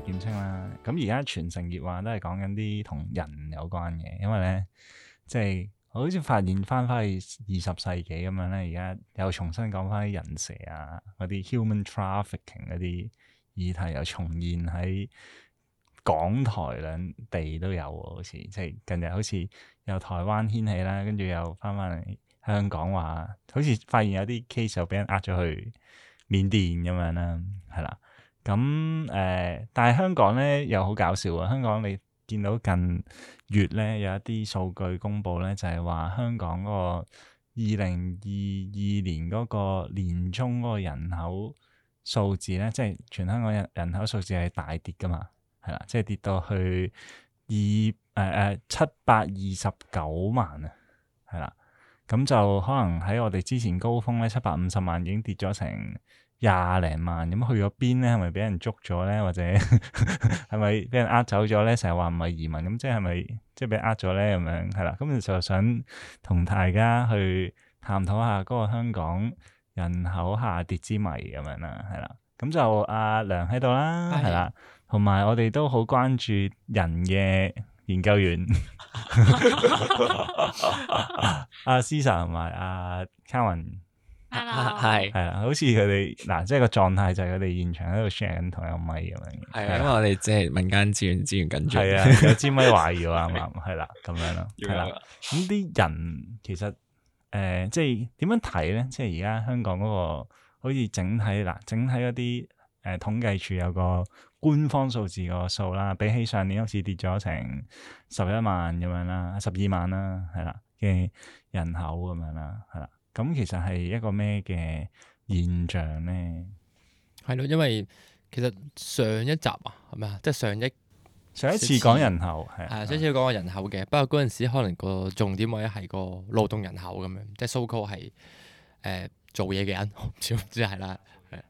簡稱啦，咁而家全城熱話都係講緊啲同人有關嘅。因為咧，即係我好似發現翻翻去二十世紀咁樣咧，而家又重新講翻啲人蛇啊，嗰啲 human trafficking 嗰啲議題又重現喺港台兩地都有喎、啊，好似即係近日好似由台灣掀起啦，跟住又翻翻嚟香港話，好似發現有啲 case 又俾人呃咗去緬甸咁樣、嗯、啦，係啦。咁誒、嗯，但係香港咧又好搞笑啊！香港你見到近月咧有一啲數據公布咧，就係、是、話香港嗰個二零二二年嗰個年中嗰個人口數字咧，即係全香港人人口數字係大跌㗎嘛，係啦，即係跌到去二誒誒七百二十九萬啊，係啦，咁就可能喺我哋之前高峰咧七百五十萬已經跌咗成廿零萬咁去咗邊咧？係咪俾人捉咗咧？或者係咪俾人呃走咗咧？成日話唔係移民咁，即係咪即係俾呃咗咧咁樣？係啦，咁、嗯、其實就、想同大家去探討下嗰個香港人口下跌之謎咁樣、嗯啊、啦，係啦、哎呀。咁就阿梁喺度啦，係啦，同埋我哋都好關注人嘅研究員，阿 Cesar 同埋阿 Kelvin。係係啊，好似佢哋嗱，即係個狀態就係佢哋現場喺度 share 緊同一支咪咁樣嘅。係啊 的，因為我哋即係民間資源資源緊張，個 支咪壞咗啊嘛，係啦咁樣咯，係啦。咁啲人其實誒、呃，即係點樣睇咧？即係而家香港嗰、那個好似整體嗱，整體一啲誒、呃，統計處有個官方數字個數啦，比起上年好似跌咗成十一萬咁樣啦，十二萬啦，係啦嘅人口咁樣啦，係啦。咁其實係一個咩嘅現象咧？係咯，因為其實上一集啊，係咪啊？即係上一上一次講人口係啊，上次講個人口嘅。不過嗰陣時可能個重點或者係個勞動人口咁樣，即係 so called 係誒做嘢嘅人，我唔知唔知係啦，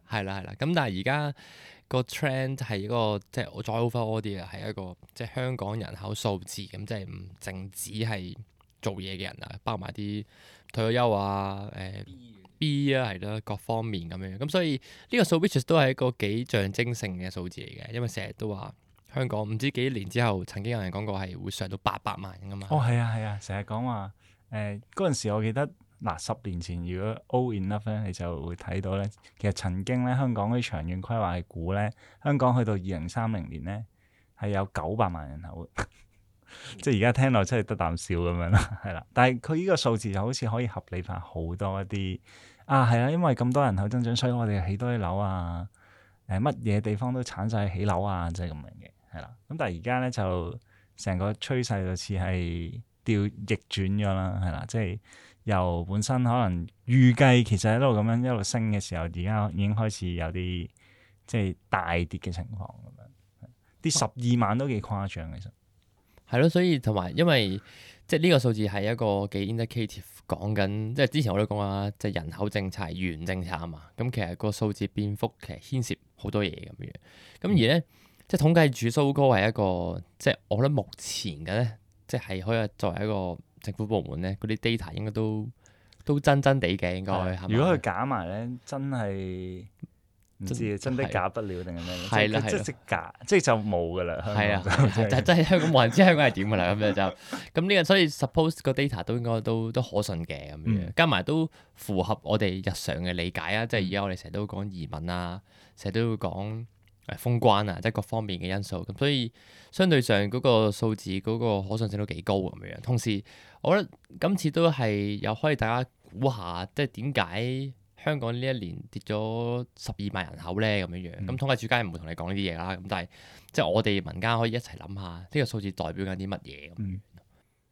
係啦係啦。咁但係而家個 trend 係嗰個即係我再好翻多啲啊，係一個即係香港人口數字咁，即係唔淨止係做嘢嘅人啊，包埋啲。退咗休啊，誒、呃、B 啊，係咯，各方面咁樣，咁、嗯、所以呢個數 which 都係一個幾象徵性嘅數字嚟嘅，因為成日都話香港唔知幾年之後，曾經有人講過係會上到八百萬噶嘛。哦，係啊，係啊，成日講話誒嗰陣時，我記得嗱十、呃、年前，如果 old enough 咧，你就會睇到咧，其實曾經咧香港嗰啲長遠規劃係估咧，香港去到二零三零年咧係有九百萬人口！嗯、即係而家聽落真係得啖笑咁樣啦，係啦。但係佢呢個數字就好似可以合理化好多一啲啊，係啦，因為咁多人口增長，所以我哋起多啲樓啊，誒乜嘢地方都產晒起樓啊，即係咁樣嘅，係啦。咁但係而家咧就成個趨勢就似係掉逆轉咗啦，係啦，即係由本身可能預計其實喺度咁樣一路升嘅時候，而家已經開始有啲即係大跌嘅情況咁樣，跌十二萬都幾誇張其實。係咯，所以同埋，因為即係呢個數字係一個幾 indicative，講緊即係之前我都講啦，即係人口政策係原政策啊嘛。咁其實個數字變幅其實牽涉好多嘢咁樣。咁而咧，嗯、即係統計處收高係一個，即係我覺得目前嘅咧，即係可以作為一個政府部門咧，嗰啲 data 應該都都真真地嘅應該。是吧如果佢假埋咧，真係。唔知真嘅的假不了定係咩？係啦，的即係假，的即係就冇噶啦。係啊的，就真係香港冇人知香港係點噶啦咁樣就。咁呢個所以 suppose 個 data 都應該都都可信嘅咁樣，嗯、加埋都符合我哋日常嘅理解啊、嗯！即係而家我哋成日都講移民啊，成日都會講封關啊，即係各方面嘅因素咁，所以相對上嗰個數字嗰、嗰個可信性都幾高咁樣。同時，我覺得今次都係又可以大家估下，即係點解？香港呢一年跌咗十二萬人口咧，咁樣樣，咁統計主街唔會同你講呢啲嘢啦。咁但係，即係我哋民間可以一齊諗下，呢個數字代表緊啲乜嘢？嗯，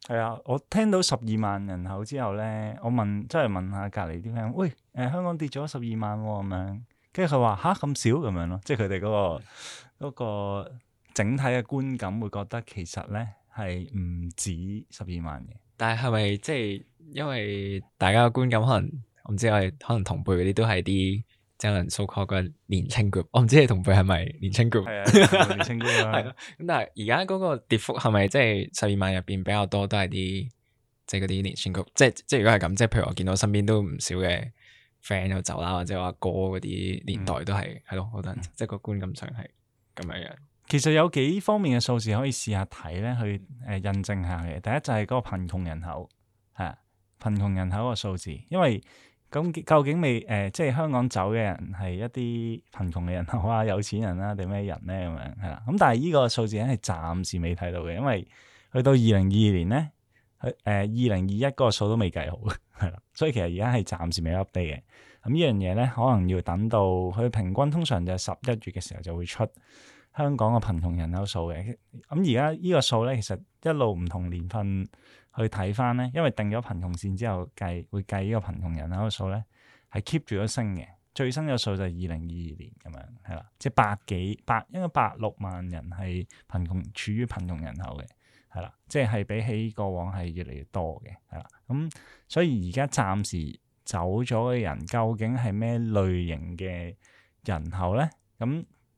係啊，我聽到十二萬人口之後咧，我問即係問下隔離啲 friend，喂，誒香港跌咗十二萬咁樣，跟住佢話吓，咁少咁樣咯，即係佢哋嗰個嗰個整體嘅觀感會覺得其實咧係唔止十二萬嘅。但係係咪即係因為大家嘅觀感可能？我唔知我哋可能同輩嗰啲都係啲即係 so call 嘅年輕 group，我唔知你同輩係咪年輕 group？係啊，年輕 group 啦。係咯，咁但係而家嗰個跌幅係咪即係十二萬入邊比較多都係啲、就是、即係嗰啲年輕 group？即係即係如果係咁，即係譬如我見到身邊都唔少嘅 friend 有走啦，或者我阿哥嗰啲年代都係係咯，好、嗯、多人，嗯、即係個觀感上係咁樣樣。嗯、其實有幾方面嘅數字可以試下睇咧，去誒印、呃呃、證下嘅。第一就係嗰個貧窮人口吓，貧窮人口個數字，因為。咁、嗯、究竟未誒、呃，即係香港走嘅人係一啲貧窮嘅人，好啊，有錢人啊定咩人咧咁樣係啦。咁、嗯、但係依個數字咧係暫時未睇到嘅，因為去到二零二二年咧，去誒二零二一嗰個數都未計好，係啦。所以其實而家係暫時未 update 嘅。咁、嗯、呢樣嘢咧，可能要等到佢平均通常就係十一月嘅時候就會出香港嘅貧窮人口數嘅。咁而家依個數咧，其實一路唔同年份，去睇翻咧，因為定咗貧窮線之後計，會計呢個貧窮人口嘅數咧，係 keep 住咗升嘅。最新嘅數就係二零二二年咁樣，係啦，即係百幾百，應該百六萬人係貧窮，處於貧窮人口嘅，係啦，即係比起過往係越嚟越多嘅，係啦。咁所以而家暫時走咗嘅人，究竟係咩類型嘅人口咧？咁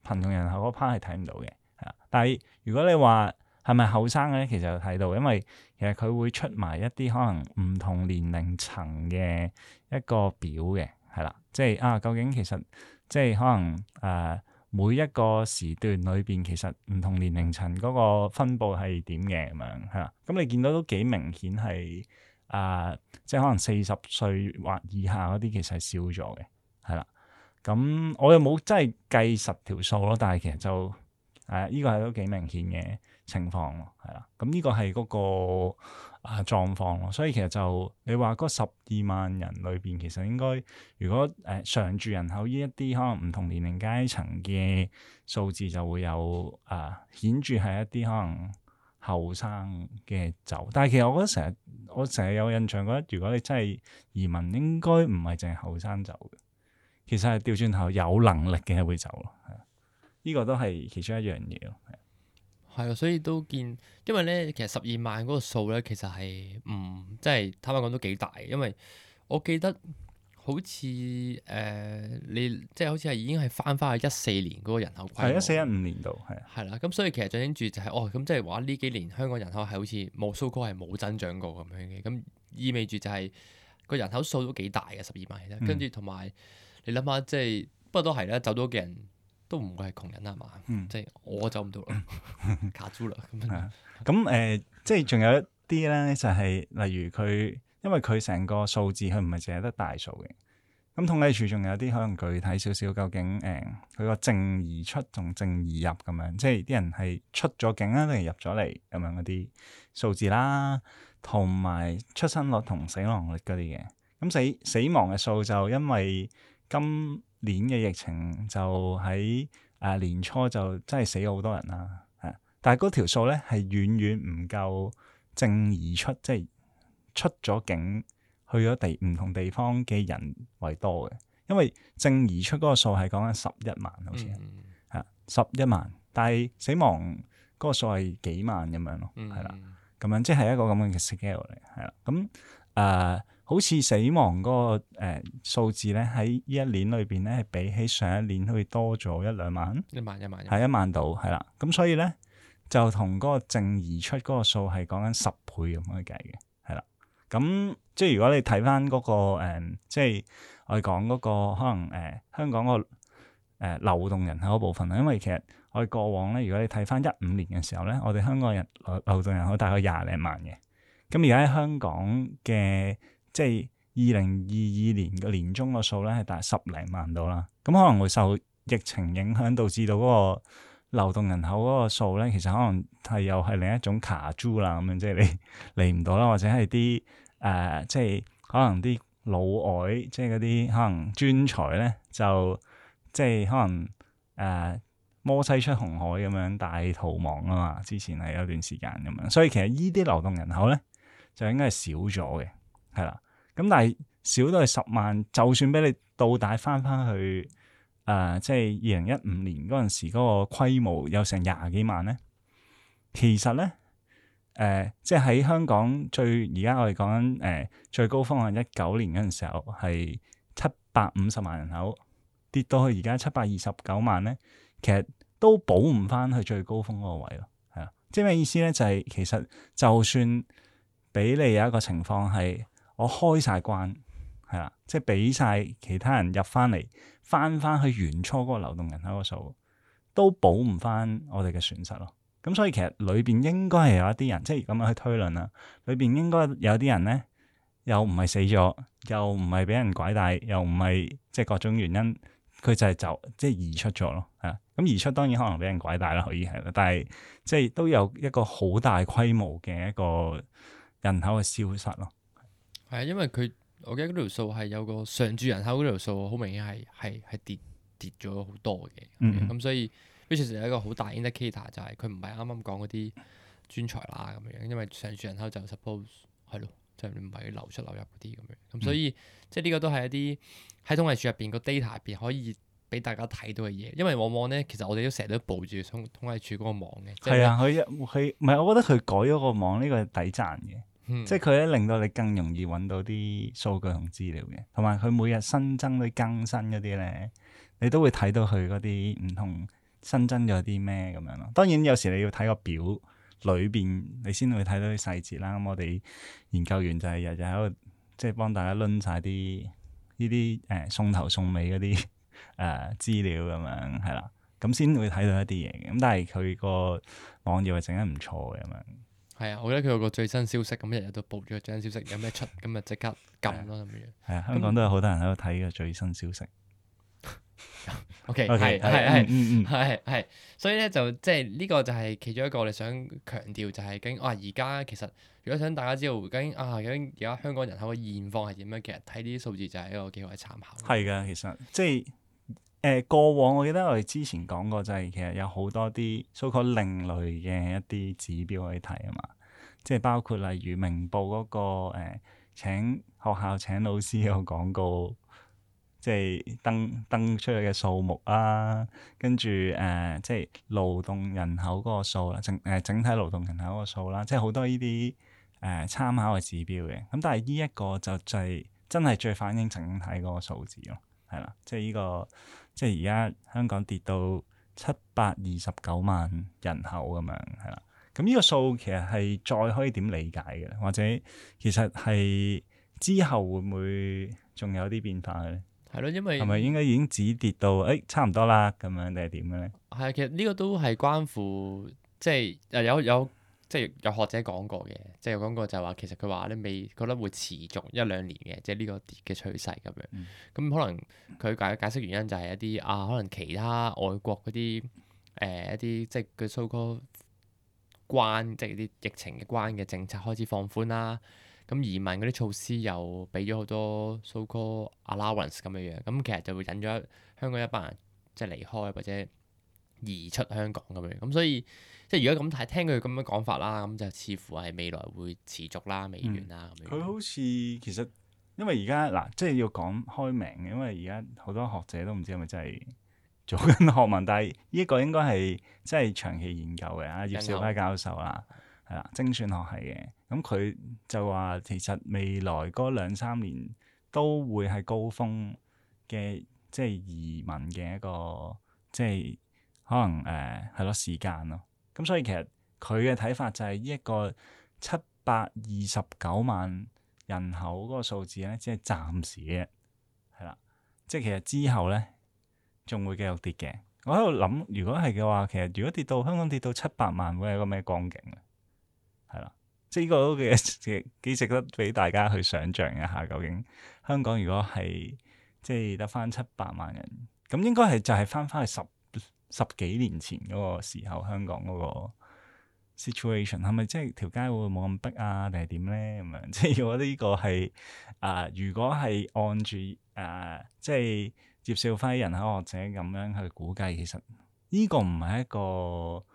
貧窮人口嗰 part 係睇唔到嘅，係啦。但係如果你話，係咪後生嘅咧？其實有睇到，因為其實佢會出埋一啲可能唔同年齡層嘅一個表嘅，係啦，即係啊，究竟其實即係可能誒、呃，每一個時段裏邊其實唔同年齡層嗰個分布係點嘅咁樣，係啦。咁、嗯、你見到都幾明顯係誒，即係可能四十歲或以下嗰啲其實係少咗嘅，係啦。咁、嗯、我又冇真係計十條數咯，但係其實就誒、呢、啊呢個係都幾明顯嘅。情況咯，係啦，咁，嗯，呢個係嗰個啊狀況咯，所以其實就你話嗰十二萬人裏邊，其實應該如果誒常住人口呢一啲可能唔同年齡階層嘅數字就會有啊顯著係一啲可能後生嘅走，但係其實我覺得成日我成日有印象覺得，如果你真係移民，應該唔係淨係後生走嘅，其實係調轉頭有能力嘅會走咯，係啊，呢個都係其中一樣嘢咯。係啊，所以都見，因為咧其實十二萬嗰個數咧，其實係唔即係坦白講都幾大，因為我記得好似誒、呃、你即係好似係已經係翻翻去一四年嗰個人口規模係一四一五年度係係啦，咁所以其實最緊住就係、就是、哦，咁即係話呢幾年香港人口係好似冇數個係冇增長過咁樣嘅，咁意味住就係個人口數都幾大嘅十二萬其實，跟住同埋你諗下即係不過都係啦，走咗嘅人。都唔會係窮人啊嘛，即係我走唔到啦，卡住啦咁樣。咁誒，即係仲有一啲咧，就係、是、例如佢，因為佢成個數字，佢唔係淨係得大數嘅。咁統計處仲有啲可能具體少少，究竟誒佢個淨移出同淨移入咁樣，即係啲人係出咗境啊定係入咗嚟咁樣嗰啲數字啦，同、啊、埋出生率同死亡率嗰啲嘅。咁、嗯、死死亡嘅數就因為今年嘅疫情就喺誒、呃、年初就真係死咗好多人啦，係，但係嗰條數咧係遠遠唔夠淨移出，即係出咗境去咗地唔同地方嘅人為多嘅，因為淨移出嗰個數係講緊十一萬好，好似係十一萬，但係死亡嗰個數係幾萬咁樣咯，係啦，咁、嗯、樣即係一個咁嘅 scale 嚟，係、嗯、啦，咁、呃、誒。好似死亡嗰個誒數字咧，喺呢一年裏邊咧，係比起上一年去多咗一兩萬，一萬,一萬一萬，係一萬度，係啦。咁所以咧，就同嗰個淨移出嗰個數係講緊十倍咁樣計嘅，係啦。咁即係如果你睇翻嗰個、呃、即係我哋講嗰、嗰個可能誒、呃、香港個誒、呃、流動人口部分啦。因為其實我哋過往咧，如果你睇翻一五年嘅時候咧，我哋香港人流動人口大概廿零萬嘅。咁而家喺香港嘅即係二零二二年嘅年中個數咧，係大十零萬度啦。咁、嗯、可能會受疫情影響，導致到嗰個流動人口嗰個數咧，其實可能係又係另一種卡住啦咁樣。即係你嚟唔到啦，或者係啲誒，即係可能啲老外，即係嗰啲可能專才咧，就即係可能誒摩西出紅海咁樣大逃亡啊嘛。之前係有段時間咁樣，所以其實依啲流動人口咧就應該係少咗嘅，係啦。咁但係少都係十萬，就算俾你到底翻翻去，誒、呃，即係二零一五年嗰陣時嗰個規模有成廿幾萬咧。其實咧，誒、呃，即係喺香港最而家我哋講緊，誒、呃，最高峰係一九年嗰陣時候係七百五十萬人口，跌到去而家七百二十九萬咧，其實都補唔翻去最高峰嗰個位咯。係啊，即係咩意思咧？就係、是、其實就算俾你有一個情況係。我開晒關，係啦，即係俾晒其他人入翻嚟，翻翻去原初嗰個流動人口個數，都補唔翻我哋嘅損失咯。咁所以其實裏邊應該係有一啲人，即係咁樣去推論啦。裏邊應該有啲人咧，又唔係死咗，又唔係俾人拐帶，又唔係即係各種原因，佢就係就即係移出咗咯。啊，咁移出當然可能俾人拐帶啦，可以係，但係即係都有一個好大規模嘅一個人口嘅消失咯。係啊、嗯，因為佢我記得嗰條數係有個常住人口嗰條數，好明顯係係係跌跌咗好多嘅。咁所以 which is 呢，其實係一個好大 indicator，就係佢唔係啱啱講嗰啲專才啦咁樣，因為常住人口就 suppose 係咯，就唔、是、係流出流入嗰啲咁樣。咁、嗯、所以即係呢個都係一啲喺統計處入邊個 data 入邊可以俾大家睇到嘅嘢，因為往往咧其實我哋都成日都報住統統計處嗰個網嘅。係、就是、啊，佢佢唔係，我覺得佢改咗個網呢、這個係抵賺嘅。即係佢咧，令到你更容易揾到啲數據同資料嘅，同埋佢每日新增啲更新嗰啲咧，你都會睇到佢嗰啲唔同新增咗啲咩咁樣咯。當然有時你要睇個表裏邊，裡面你先會睇到啲細節啦。咁、嗯、我哋研究員就係日日喺度，即、就、係、是、幫大家攆晒啲呢啲誒送頭送尾嗰啲誒資料咁樣係啦，咁先會睇到一啲嘢。咁但係佢個網頁係整得唔錯嘅咁樣。係啊，我覺得佢有個最新消息，咁日日都報咗個最新消息，有咩出，咁咪即刻撳咯咁樣。係啊，香港都有好多人喺度睇個最新消息。 OK，係係係係係，所以咧就即係呢個就係其中一個我哋想強調、就係，就係緊啊而家其實如果想大家知道究竟，啊究竟而家香港人口嘅現況係點樣，其實睇呢啲數字就係一個幾好嘅參考。係噶，其實即係。誒過往我記得我哋之前講過，就係其實有好多啲數據另類嘅一啲指標可以睇啊嘛，即係包括例如明報嗰、那個誒、呃、請學校請老師嘅廣告，即係登登出嚟嘅數目啦、啊，跟住誒、呃、即係勞動人口嗰個數啦，整誒、呃、整體勞動人口個數啦，即係好多呢啲誒參考嘅指標嘅，咁但係呢一個就就係真係最反映整體嗰個數字咯。係啦，即係呢個，即係而家香港跌到七百二十九萬人口咁樣，係啦。咁呢個數其實係再可以點理解嘅？或者其實係之後會唔會仲有啲變化嘅咧？係咯，因為係咪應該已經止跌到誒、哎、差唔多啦？咁樣定係點嘅咧？係啊，其實呢個都係關乎即係誒有有。有即係有學者講過嘅，即係有講過就話其實佢話咧未覺得會持續一兩年嘅，即係呢個跌嘅趨勢咁樣。咁、嗯、可能佢解解釋原因就係一啲啊，可能其他外國嗰啲誒一啲即係佢 social 關，即係啲疫情嘅關嘅政策開始放寬啦。咁移民嗰啲措施又俾咗好多 social allowance 咁嘅樣，咁其實就會引咗香港一班人即係離開或者。移出香港咁樣，咁所以即係如果咁睇，聽佢咁樣講法啦，咁就似乎係未來會持續啦，未完啦咁樣。佢、嗯、好似其實因為而家嗱，即係要講開名嘅，因為而家好多學者都唔知係咪真係做緊學問，嗯、但係呢一個應該係即係長期研究嘅啊，嗯、葉少輝教授啦，係啦，嗯，精算學系嘅，咁佢就話其實未來嗰兩三年都會係高峰嘅，即係移民嘅一個即係。可能誒係咯時間咯，咁所以其實佢嘅睇法就係呢一個七百二十九萬人口嗰個數字咧，只係暫時嘅，係啦，即係其實之後咧仲會繼續跌嘅。我喺度諗，如果係嘅話，其實如果跌到香港跌到七百萬，會係一個咩光景啊？係啦，即係呢個都幾幾值得俾大家去想象一下，究竟香港如果係即係得翻七百萬人，咁應該係就係翻翻去十。十幾年前嗰個時候，香港嗰個 situation 係咪即係條街會冇咁逼啊？定係點咧？咁樣即係我覺得呢個係啊、呃，如果係按住啊、呃，即係接受返啲人口學者咁樣去估計，其實呢個唔係一個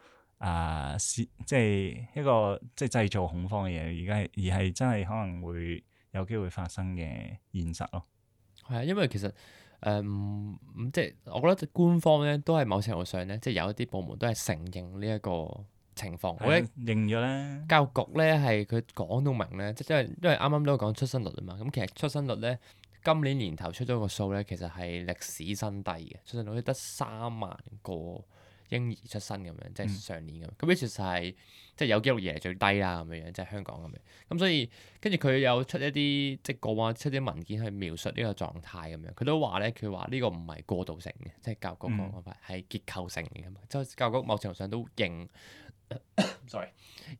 啊、呃，即係一個即係製造恐慌嘅嘢，而家而係真係可能會有機會發生嘅現實咯。係啊，因為其實。誒，唔，唔即係我覺得官方咧，都係某程度上咧，即係有一啲部門都係承認呢一個情況，的我認認咗啦。教育局咧，係佢講到明咧，即係因為啱啱都係講出生率啊嘛。咁其實出生率咧，今年年頭出咗個數咧，其實係歷史新低嘅，出生率得三萬個。嬰兒出生咁樣，即係上年咁。咁呢次就係即係有記錄以來最低啦，咁樣樣，即係香港咁樣。咁所以跟住佢有出一啲即係過往出啲文件去描述呢個狀態咁樣。佢都話咧，佢話呢個唔係過渡性嘅，即係教育局講法係結構性嘅咁。即係、嗯、教育局某程度上都認 'm，sorry，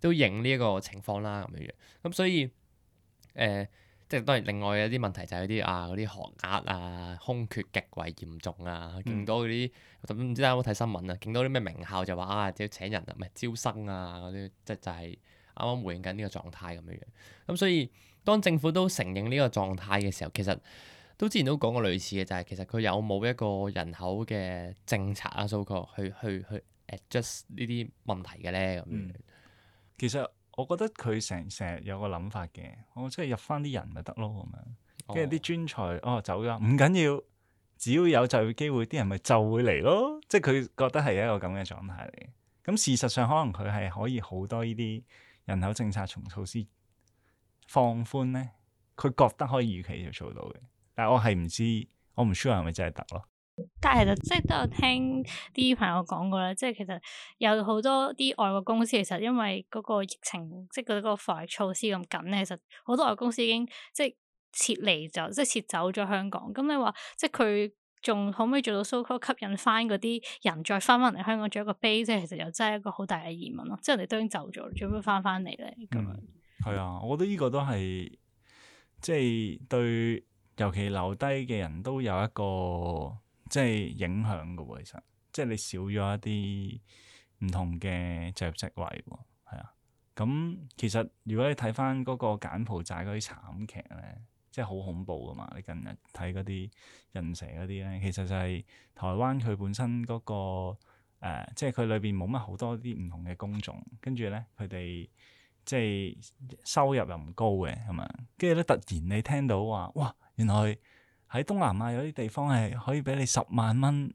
都認呢一個情況啦咁樣。咁所以誒。呃即係當然，另外有啲問題就係嗰啲啊，嗰啲學額啊，空缺極為嚴重啊，勁多嗰啲咁唔知大家有冇睇新聞啊，勁多啲咩名校就話啊，即係請人唔係、啊、招生啊嗰啲，即就係啱啱回應緊呢個狀態咁樣樣。咁、嗯、所以當政府都承認呢個狀態嘅時候，其實都之前都講過類似嘅，就係、是、其實佢有冇一個人口嘅政策啊，so called 去去去 adjust 呢啲問題嘅咧咁。其實。我覺得佢成成日有個諗法嘅，我、哦、即係入翻啲人咪得咯咁樣，跟住啲專才哦走咗，唔緊要，只要有就業機會，啲人咪就，就會嚟咯。即係佢覺得係一個咁嘅狀態嚟，咁事實上可能佢係可以好多依啲人口政策重措施放寬咧，佢覺得可以預期就做到嘅，但係我係唔知，我唔 sure 係咪真係得咯。但係其實即係都有聽啲朋友講過咧，即係其實有好多啲外國公司其實因為嗰個疫情，即係嗰個防疫措施咁緊咧，其實好多外國公司已經即係撤離咗，即係撤走咗香港。咁你話即係佢仲可唔可以做到 so called 吸引翻嗰啲人再翻翻嚟香港做一個 base？即係其實又真係一個好大嘅疑問咯。即係人哋都已經走咗，做咩翻翻嚟？咧咁、嗯、樣係啊，我覺得呢個都係即係對，尤其留低嘅人都有一個。即係影響嘅喎，其實即係你少咗一啲唔同嘅就職位喎，係啊。咁其實如果你睇翻嗰個柬埔寨嗰啲慘劇咧，即係好恐怖嘅嘛。你近日睇嗰啲人蛇嗰啲咧，其實就係台灣佢本身嗰個、呃、即係佢裏邊冇乜好多啲唔同嘅工種，跟住咧佢哋即係收入又唔高嘅，係咪？跟住咧突然你聽到話，哇，原來～喺東南亞有啲地方係可以俾你十萬蚊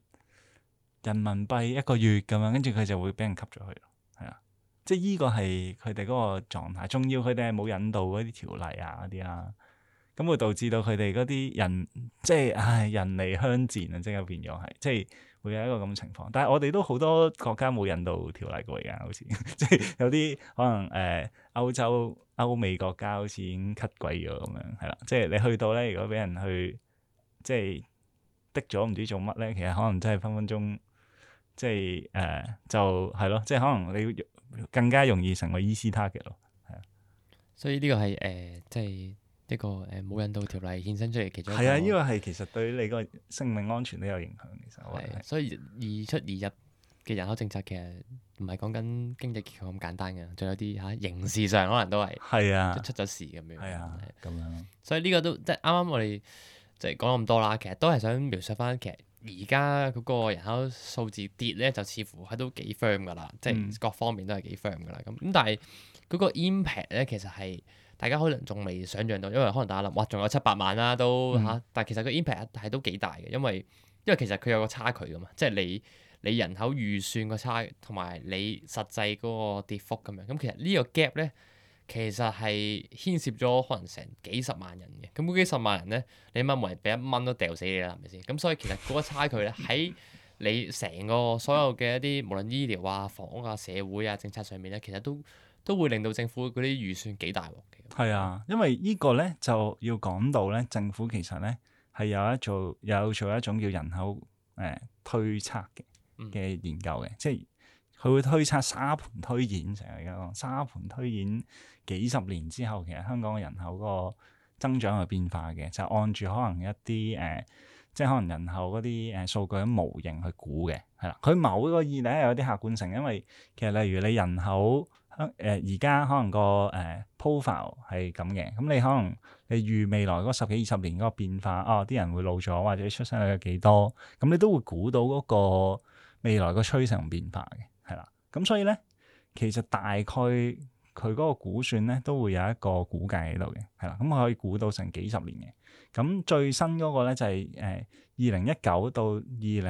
人民幣一個月咁樣，跟住佢就會俾人吸咗去咯，係啊，即係依個係佢哋嗰個狀態。仲要佢哋係冇引導嗰啲條例啊嗰啲啊，咁會導致到佢哋嗰啲人，即係唉、哎、人嚟鄉賤啊，即係變咗係，即係會有一個咁嘅情況。但係我哋都好多國家冇引導條例嘅而家，好似即係有啲可能誒、呃、歐洲歐美國家好似已經吸鬼咗咁樣，係啦，即係你去到咧，如果俾人去。即係的咗唔知做乜咧，其實可能真係分分鐘，即係誒、呃、就係咯，即係可能你更加容易成為 easy target 嘅咯，係啊。所以呢個係誒、呃，即係、這個呃、一個誒冇引導條例衍生出嚟。其中一個係啊，呢個係其實對你個生命安全都有影響。其實、啊、所以而出而入嘅人口政策其實唔係講緊經濟結構咁簡單嘅，仲有啲嚇刑事上可能都係係啊，出咗事咁樣係啊，咁、啊、這樣。所以呢個都即係啱啱我哋。即係講咁多啦，其實都係想描述翻，其實而家嗰個人口數字跌咧，就似乎係都幾 firm 㗎啦，嗯、即係各方面都係幾 firm 㗎啦。咁咁但係嗰個 impact 咧，其實係大家可能仲未想象到，因為可能大家諗哇，仲有七百萬啦，都嚇、嗯啊，但係其實個 impact 係都幾大嘅，因為因為其實佢有個差距㗎嘛，即係你你人口預算個差同埋你實際嗰個跌幅咁樣，咁其實個呢個 gap 咧。其實係牽涉咗可能成幾十萬人嘅，咁嗰幾十萬人咧，你問每人俾一蚊都掉死你啦，係咪先？咁所以其實嗰個差距咧，喺 你成個所有嘅一啲，無論醫療啊、房屋啊、社會啊、政策上面咧，其實都都會令到政府嗰啲預算幾大鑊嘅。係啊，因為個呢個咧就要講到咧，政府其實咧係有一做有做一種叫人口誒、呃、推測嘅嘅研究嘅，嗯、即係。佢會推測，沙盤推演成日講，沙盤推演幾十年之後，其實香港嘅人口個增長係變化嘅，就是、按住可能一啲誒、呃，即係可能人口嗰啲誒數據模型去估嘅，係啦。佢某一個意義呢，有啲客觀性，因為其實例如你人口香而家可能、嗰個誒 profile 係咁嘅，咁、呃、你可能你預未來嗰十幾二十年嗰個變化，哦，啲人會老咗，或者出生率有幾多，咁你都會估到嗰個未來個趨勢同變化嘅。係啦，咁所以咧，其實大概佢嗰個估算咧，都會有一個估計喺度嘅，係啦，咁可以估到成幾十年嘅。咁最新嗰個咧就係誒二零一九到二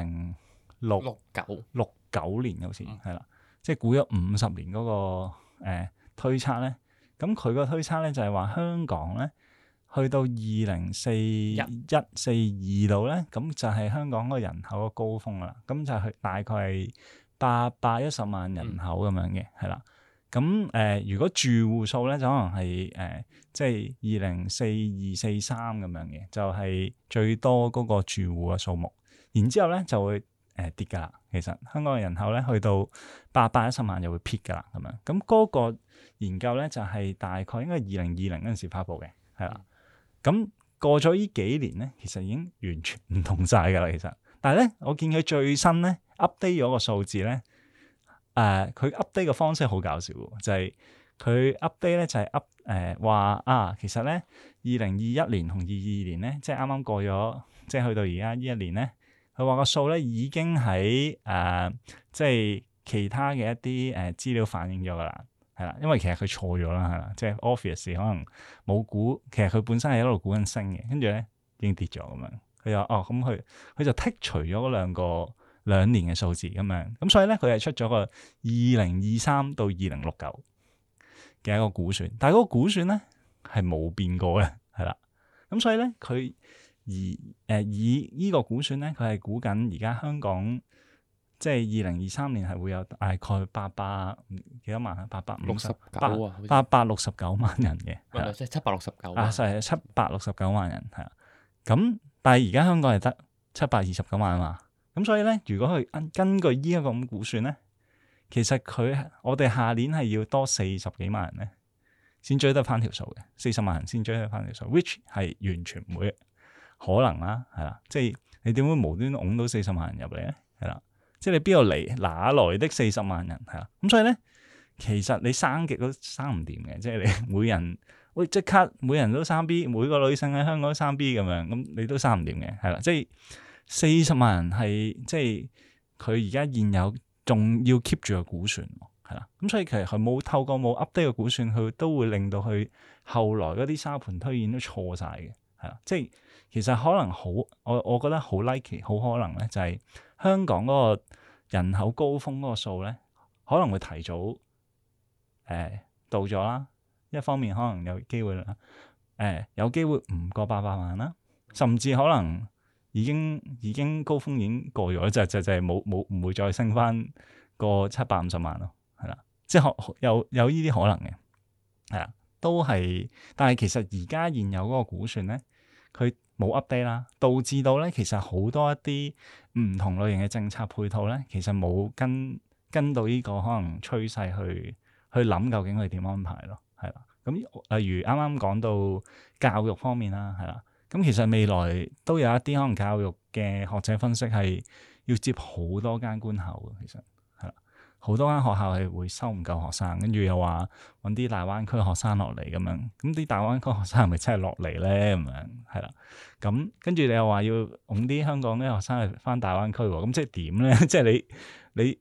零六六九六九年好似係啦，即係估咗五十年嗰、那個誒、呃、推測咧。咁佢個推測咧就係、是、話香港咧去到二零四一四二度咧，咁就係香港個人口個高峰啦。咁就去大概係。八百一十萬人口咁樣嘅，係啦、嗯。咁誒、呃，如果住戶數咧，就可能係誒，即係二零四二、四三咁樣嘅，就係、是就是、最多嗰個住戶嘅數目。然之後咧就會誒、呃、跌噶啦。其實香港嘅人口咧去到八百一十萬就會撇噶啦咁樣。咁嗰個研究咧就係、是、大概應該二零二零嗰陣時發布嘅，係啦、嗯。咁過咗依幾年咧，其實已經完全唔同晒噶啦。其實，但係咧，我見佢最新咧。update 咗個數字咧，誒佢 update 嘅方式好搞笑喎，就係佢 update 咧就係 update 誒話啊，其實咧二零二一年同二二年咧，即係啱啱過咗，即係去到而家呢一年咧，佢話個數咧已經喺誒即係其他嘅一啲誒資料反映咗噶啦，係啦，因為其實佢錯咗啦，係啦，即係 obvious 可能冇估，其實佢本身係喺度估緊升嘅，跟住咧已經跌咗咁樣，佢話哦咁佢佢就剔除咗嗰兩個。兩年嘅數字咁樣，咁所以咧佢係出咗個二零二三到二零六九嘅一個估算，但係嗰個估算咧係冇變過嘅，係啦。咁所以咧佢而誒以呢、呃、個估算咧，佢係估緊而家香港即係二零二三年係會有大概八百幾多萬，八百六十九啊，八百六十九萬人嘅，唔係七百六十九啊，係七百六十九萬人係啦。咁但係而家香港係得七百二十九萬吖嘛？咁所以咧，如果佢根根據依一個咁估算咧，其實佢我哋下年係要多四十幾萬人咧，先追得翻條數嘅，四十萬人先追得翻條數，which 係完全唔會可能啦、啊，係啦，即係你點會無端端擁到四十萬人入嚟咧？係啦，即係你邊度嚟？哪來的四十萬人？係啦，咁、嗯、所以咧，其實你生極都生唔掂嘅，即係你每人都、哎、即刻每人都生 B，每個女性喺香港都生 B 咁樣，咁你都生唔掂嘅，係啦，即係。四十萬人係即係佢而家現有，仲要 keep 住個估算，係啦。咁所以其實佢冇透過冇 update 個估算，佢都會令到佢後來嗰啲沙盤推演都錯晒嘅，係啦。即係其實可能好，我我覺得好 like 好可能咧，就係、是、香港嗰個人口高峰嗰個數咧，可能會提早誒、呃、到咗啦。一方面可能有機會啦，誒、呃、有機會唔過八百萬啦，甚至可能。已經已經高峯已經過咗，就就就係冇冇唔會再升翻個七百五十萬咯，係啦，即係可有有呢啲可能嘅，係啦，都係。但係其實而家現有嗰個估算咧，佢冇 update 啦，導致到咧其實好多一啲唔同類型嘅政策配套咧，其實冇跟跟到呢個可能趨勢去去諗究竟佢點安排咯，係啦。咁、嗯、例如啱啱講到教育方面啦，係啦。咁其實未來都有一啲可能教育嘅學者分析係要接好多間官校，其實係啦，好多間學校係會收唔夠學生，跟住又話揾啲大灣區學生落嚟咁樣，咁啲大灣區學生係咪真係落嚟咧？咁樣係啦，咁跟住你又話要拱啲香港啲學生去返大灣區喎，咁即係點咧？即係你你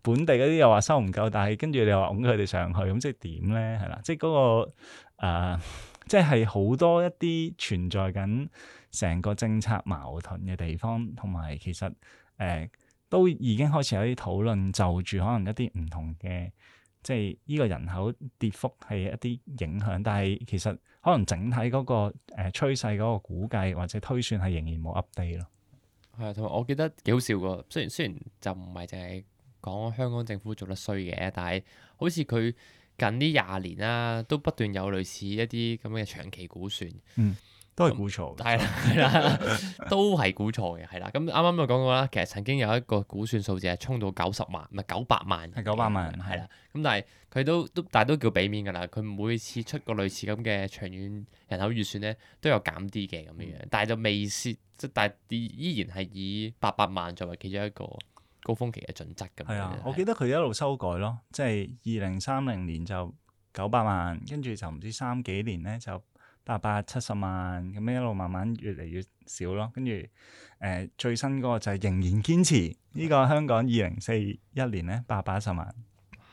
本地嗰啲又話收唔夠，但係跟住你又話拱佢哋上去，咁即係點咧？係啦，即係嗰、嗰個、呃即係好多一啲存在緊成個政策矛盾嘅地方，同埋其實誒、呃、都已經開始有啲討論，就住可能一啲唔同嘅，即係呢個人口跌幅係一啲影響，但係其實可能整體嗰、那個誒、呃、趨勢嗰個估計或者推算係仍然冇 update 咯。係啊，同埋我記得幾好笑㗎，雖然雖然就唔係淨係講香港政府做得衰嘅，但係好似佢。近呢廿年啦、啊，都不斷有類似一啲咁嘅長期估算，嗯，都係估錯，係啦、嗯，嗯、都係估錯嘅，係啦。 咁啱啱又講過啦，其實曾經有一個估算數字係衝到九十萬，唔係九百萬，係九百萬，係啦。咁但係佢都都，但係都，都叫俾面㗎啦。佢每次出個類似咁嘅長遠人口預算咧，都有減啲嘅咁樣樣，但係就未是即但係依然係以八百萬作為其中一個。高峰期嘅準則咁，係啊的！的我記得佢一路修改咯，即係二零三零年就九百萬，跟住就唔知三幾年咧就八百七十萬，咁樣一路慢慢越嚟越少咯。跟住誒最新嗰個就係仍然堅持呢的個香港二零四一年咧八百七十萬，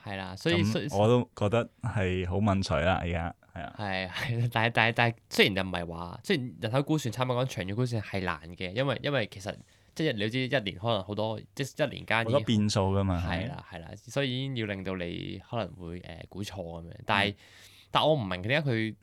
係啦。所以我都覺得係好敏鋭啦，而家係啊。係係，但係但係雖然又唔係話，即係人口估算，差唔多講長遠估算係難嘅，因為因為其實。即係你知，一年可能好多，即係一年間好多變數噶嘛。係啦，係啦，所以已經要令到你可能會誒估、呃、錯咁樣。但係，嗯、但我唔明點解佢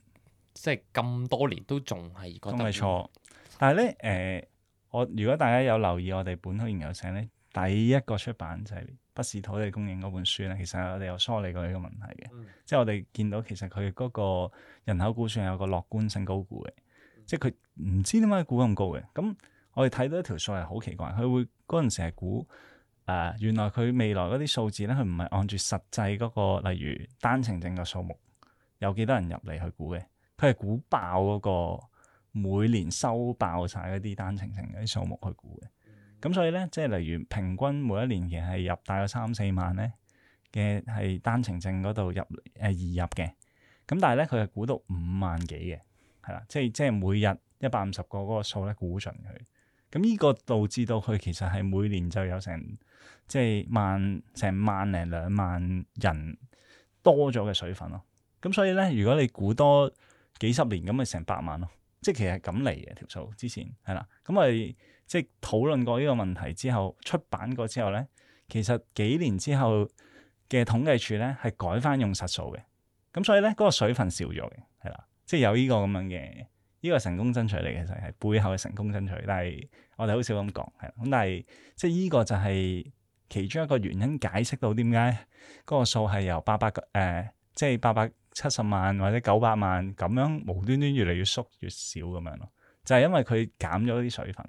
即係咁多年都仲係都係錯。但係咧誒，我如果大家有留意我哋本土研究社咧，第一個出版就係《不是土地公應供應》嗰本書咧，其實我哋有梳理過呢個問題嘅。嗯、即係我哋見到其實佢嗰個人口估算有個樂觀性高估嘅，嗯、即係佢唔知點解估咁高嘅咁。嗯我哋睇到一條數係好奇怪，佢會嗰陣時係估誒原來佢未來嗰啲數字咧，佢唔係按住實際嗰個，例如單程證嘅數目有幾多人入嚟去估嘅，佢係估爆嗰個每年收爆晒嗰啲單程證嗰啲數目去估嘅。咁所以咧，即係例如平均每一年其實係入大約三四萬咧嘅係單程證嗰度入係、呃、移入嘅，咁但係咧佢係估到五萬幾嘅，係啦，即係即係每日一百五十個嗰個數咧估盡佢。咁呢個導致到佢其實係每年就有成即係萬成萬零兩萬人多咗嘅水分咯。咁所以咧，如果你估多幾十年咁，咪成百萬咯。即係其實係咁嚟嘅條數。之前係啦，咁我哋即係討論過呢個問題之後，出版過之後咧，其實幾年之後嘅統計處咧係改翻用實數嘅。咁所以咧，嗰個水分少咗嘅係啦，即係有呢個咁樣嘅。呢個成功爭取嚟嘅，其實係背後嘅成功爭取，但係我哋好少咁講，係咁。但係即係呢個就係其中一個原因，解釋到點解嗰個數係由八百個呃，即係八百七十萬或者九百萬咁樣無端端越嚟越縮越少咁樣咯，就係因為佢減咗啲水分。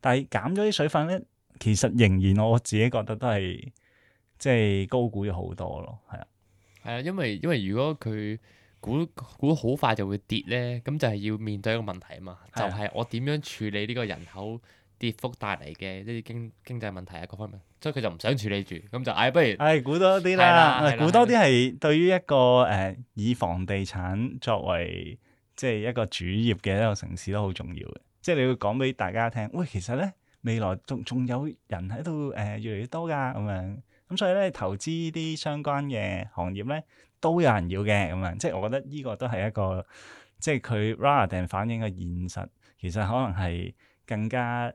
但係減咗啲水分咧，其實仍然我自己覺得都係即係高估咗好多咯，係啊，係啊，因為因為如果佢。估估好快就會跌咧，咁就係要面對一個問題啊嘛，啊就係我點樣處理呢個人口跌幅帶嚟嘅呢啲經經濟問題啊各方面。所以佢就唔想處理住，咁就唉、哎，不如唉，估多啲啦，估多啲係對於一個誒、呃、以房地產作為即係一個主業嘅一個城市都好重要嘅，即係你會講俾大家聽，喂，其實咧未來仲仲有人喺度誒越嚟越多噶，咁樣咁所以咧投資啲相關嘅行業咧。都有人要嘅，咁啊，即係我覺得呢個都係一個，即係佢 rather 定反映嘅現實，其實可能係更加，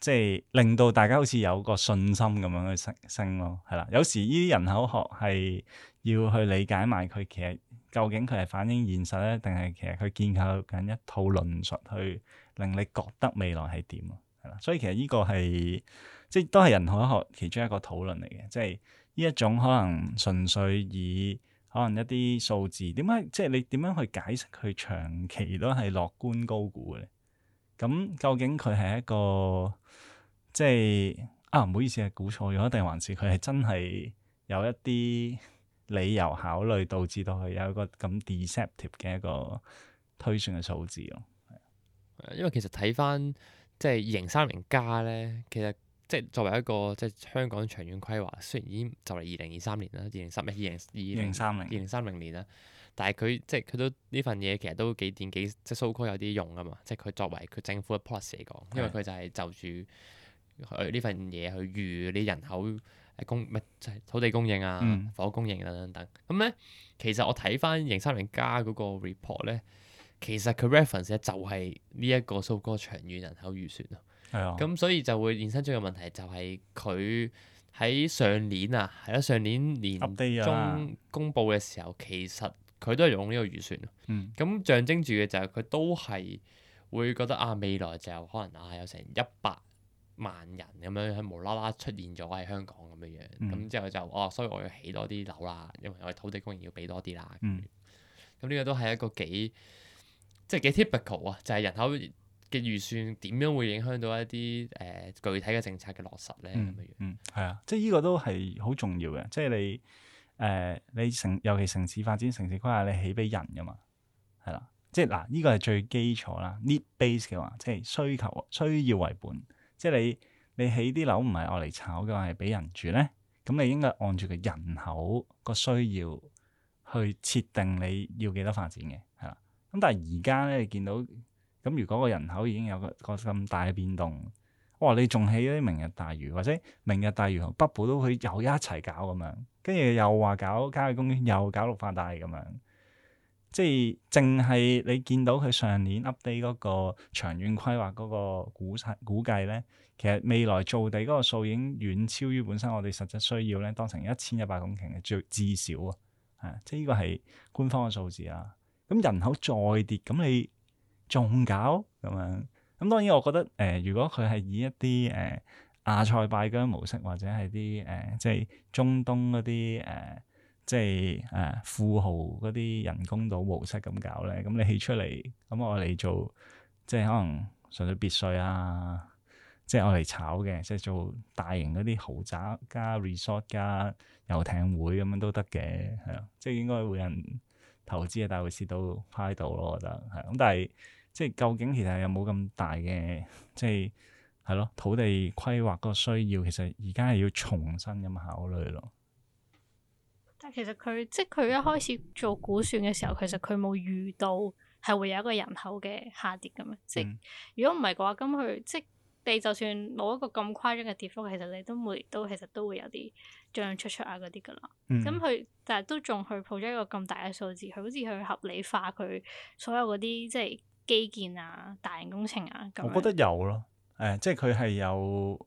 即係令到大家好似有個信心咁樣去升升咯，係啦。有時呢啲人口學係要去理解埋佢其實究竟佢係反映現實咧，定係其實佢建構緊一套論述去令你覺得未來係點啊？係啦，所以其實呢個係即係都係人口學其中一個討論嚟嘅，即係呢一種可能純粹以。可能一啲數字點解即係你點樣去解釋佢長期都係樂觀高估嘅咧？咁究竟佢係一個即係啊？唔好意思係估錯咗，定還是佢係真係有一啲理由考慮導致到佢有一個咁 deceptive 嘅一個推算嘅數字咯？因為其實睇返即係二零三零加咧，其實。即係作為一個即係香港長遠規劃，雖然已經就嚟二零二三年啦，二零三二零二零三零二零三零年啦，但係佢即係佢都呢份嘢其實都幾掂幾即係 so call 有啲用啊嘛！即係佢作為佢政府嘅 policy 嚟講，因為佢就係就住呢、呃、份嘢去預你人口供咩即係土地供應啊、房屋供應等等等，等。咁咧、嗯，其實我睇翻二零三零加嗰個 report 咧，其實佢 reference 就係呢一個 so call 長遠人口預算咯。咁、 嗯、所以就會衍生出個問題就，就係佢喺上年啊，係啦，上年年中公布嘅時候，其實佢都係用呢個預算。咁、嗯嗯、象徵住嘅就係佢都係會覺得啊，未來就可能啊有成一百萬人咁樣喺無啦啦出現咗喺香港咁樣樣，咁之、嗯嗯、後就哦、啊，所以我要起多啲樓啦，因為我土地供應要俾多啲啦。咁呢、嗯嗯、個都係一個幾即係幾 typical 啊，就係、是、人口。嘅預算點樣會影響到一啲誒、呃、具體嘅政策嘅落實咧？咁嗯，係、嗯、啊，即係呢個都係好重要嘅，即係你誒、呃、你城尤其城市發展、城市規劃，你起俾人噶嘛，係啦、啊，即係嗱，呢、啊這個係最基礎啦，need base 嘅話，即係需求、需要為本，即係你你起啲樓唔係愛嚟炒嘅話，係俾人住咧，咁你應該按住個人口個需要去設定你要幾多發展嘅，係啦、啊，咁但係而家咧，你見到。咁如果個人口已經有個咁大嘅變動，哇、哦！你仲起咗啲明日大魚，或者明日大魚同北部都去又一齊搞咁樣，跟住又話搞郊野公園，又搞綠化帶咁樣，即係淨係你見到佢上年 update 嗰個長遠規劃嗰個估測估計咧，其實未來造地嗰個數已經遠超於本身我哋實際需要咧，當成一千一百公頃嘅最至少啊，係即係呢個係官方嘅數字啊。咁人口再跌，咁你？仲搞咁樣，咁當然我覺得誒、呃，如果佢係以一啲誒亞塞拜疆模式，或者係啲誒即係中東嗰啲誒即係誒、呃、富豪嗰啲人工島模式咁搞咧，咁、嗯、你起出嚟，咁我嚟做即係可能純粹別墅啊，即係我嚟炒嘅，即係做大型嗰啲豪宅加 resort 加遊艇會咁樣都得嘅，係啊，即係應該會有人投資嘅，但係會蝕到派到咯，我覺得係，咁但係。即係究竟其實有冇咁大嘅，即係係咯土地規劃個需要，其實而家係要重新咁考慮咯。但係其實佢即係佢一開始做估算嘅時候，其實佢冇預到係會有一個人口嘅下跌噉樣。即係如果唔係嘅話，咁佢即係你就算攞一個咁誇張嘅跌幅，其實你都會都其實都會有啲漲出出啊嗰啲㗎喇。咁佢但係都仲去抱咗一個咁大嘅數字，佢好似去合理化佢所有嗰啲即係。基建啊，大型工程啊，咁我覺得有咯，誒、哎，即係佢係有誒、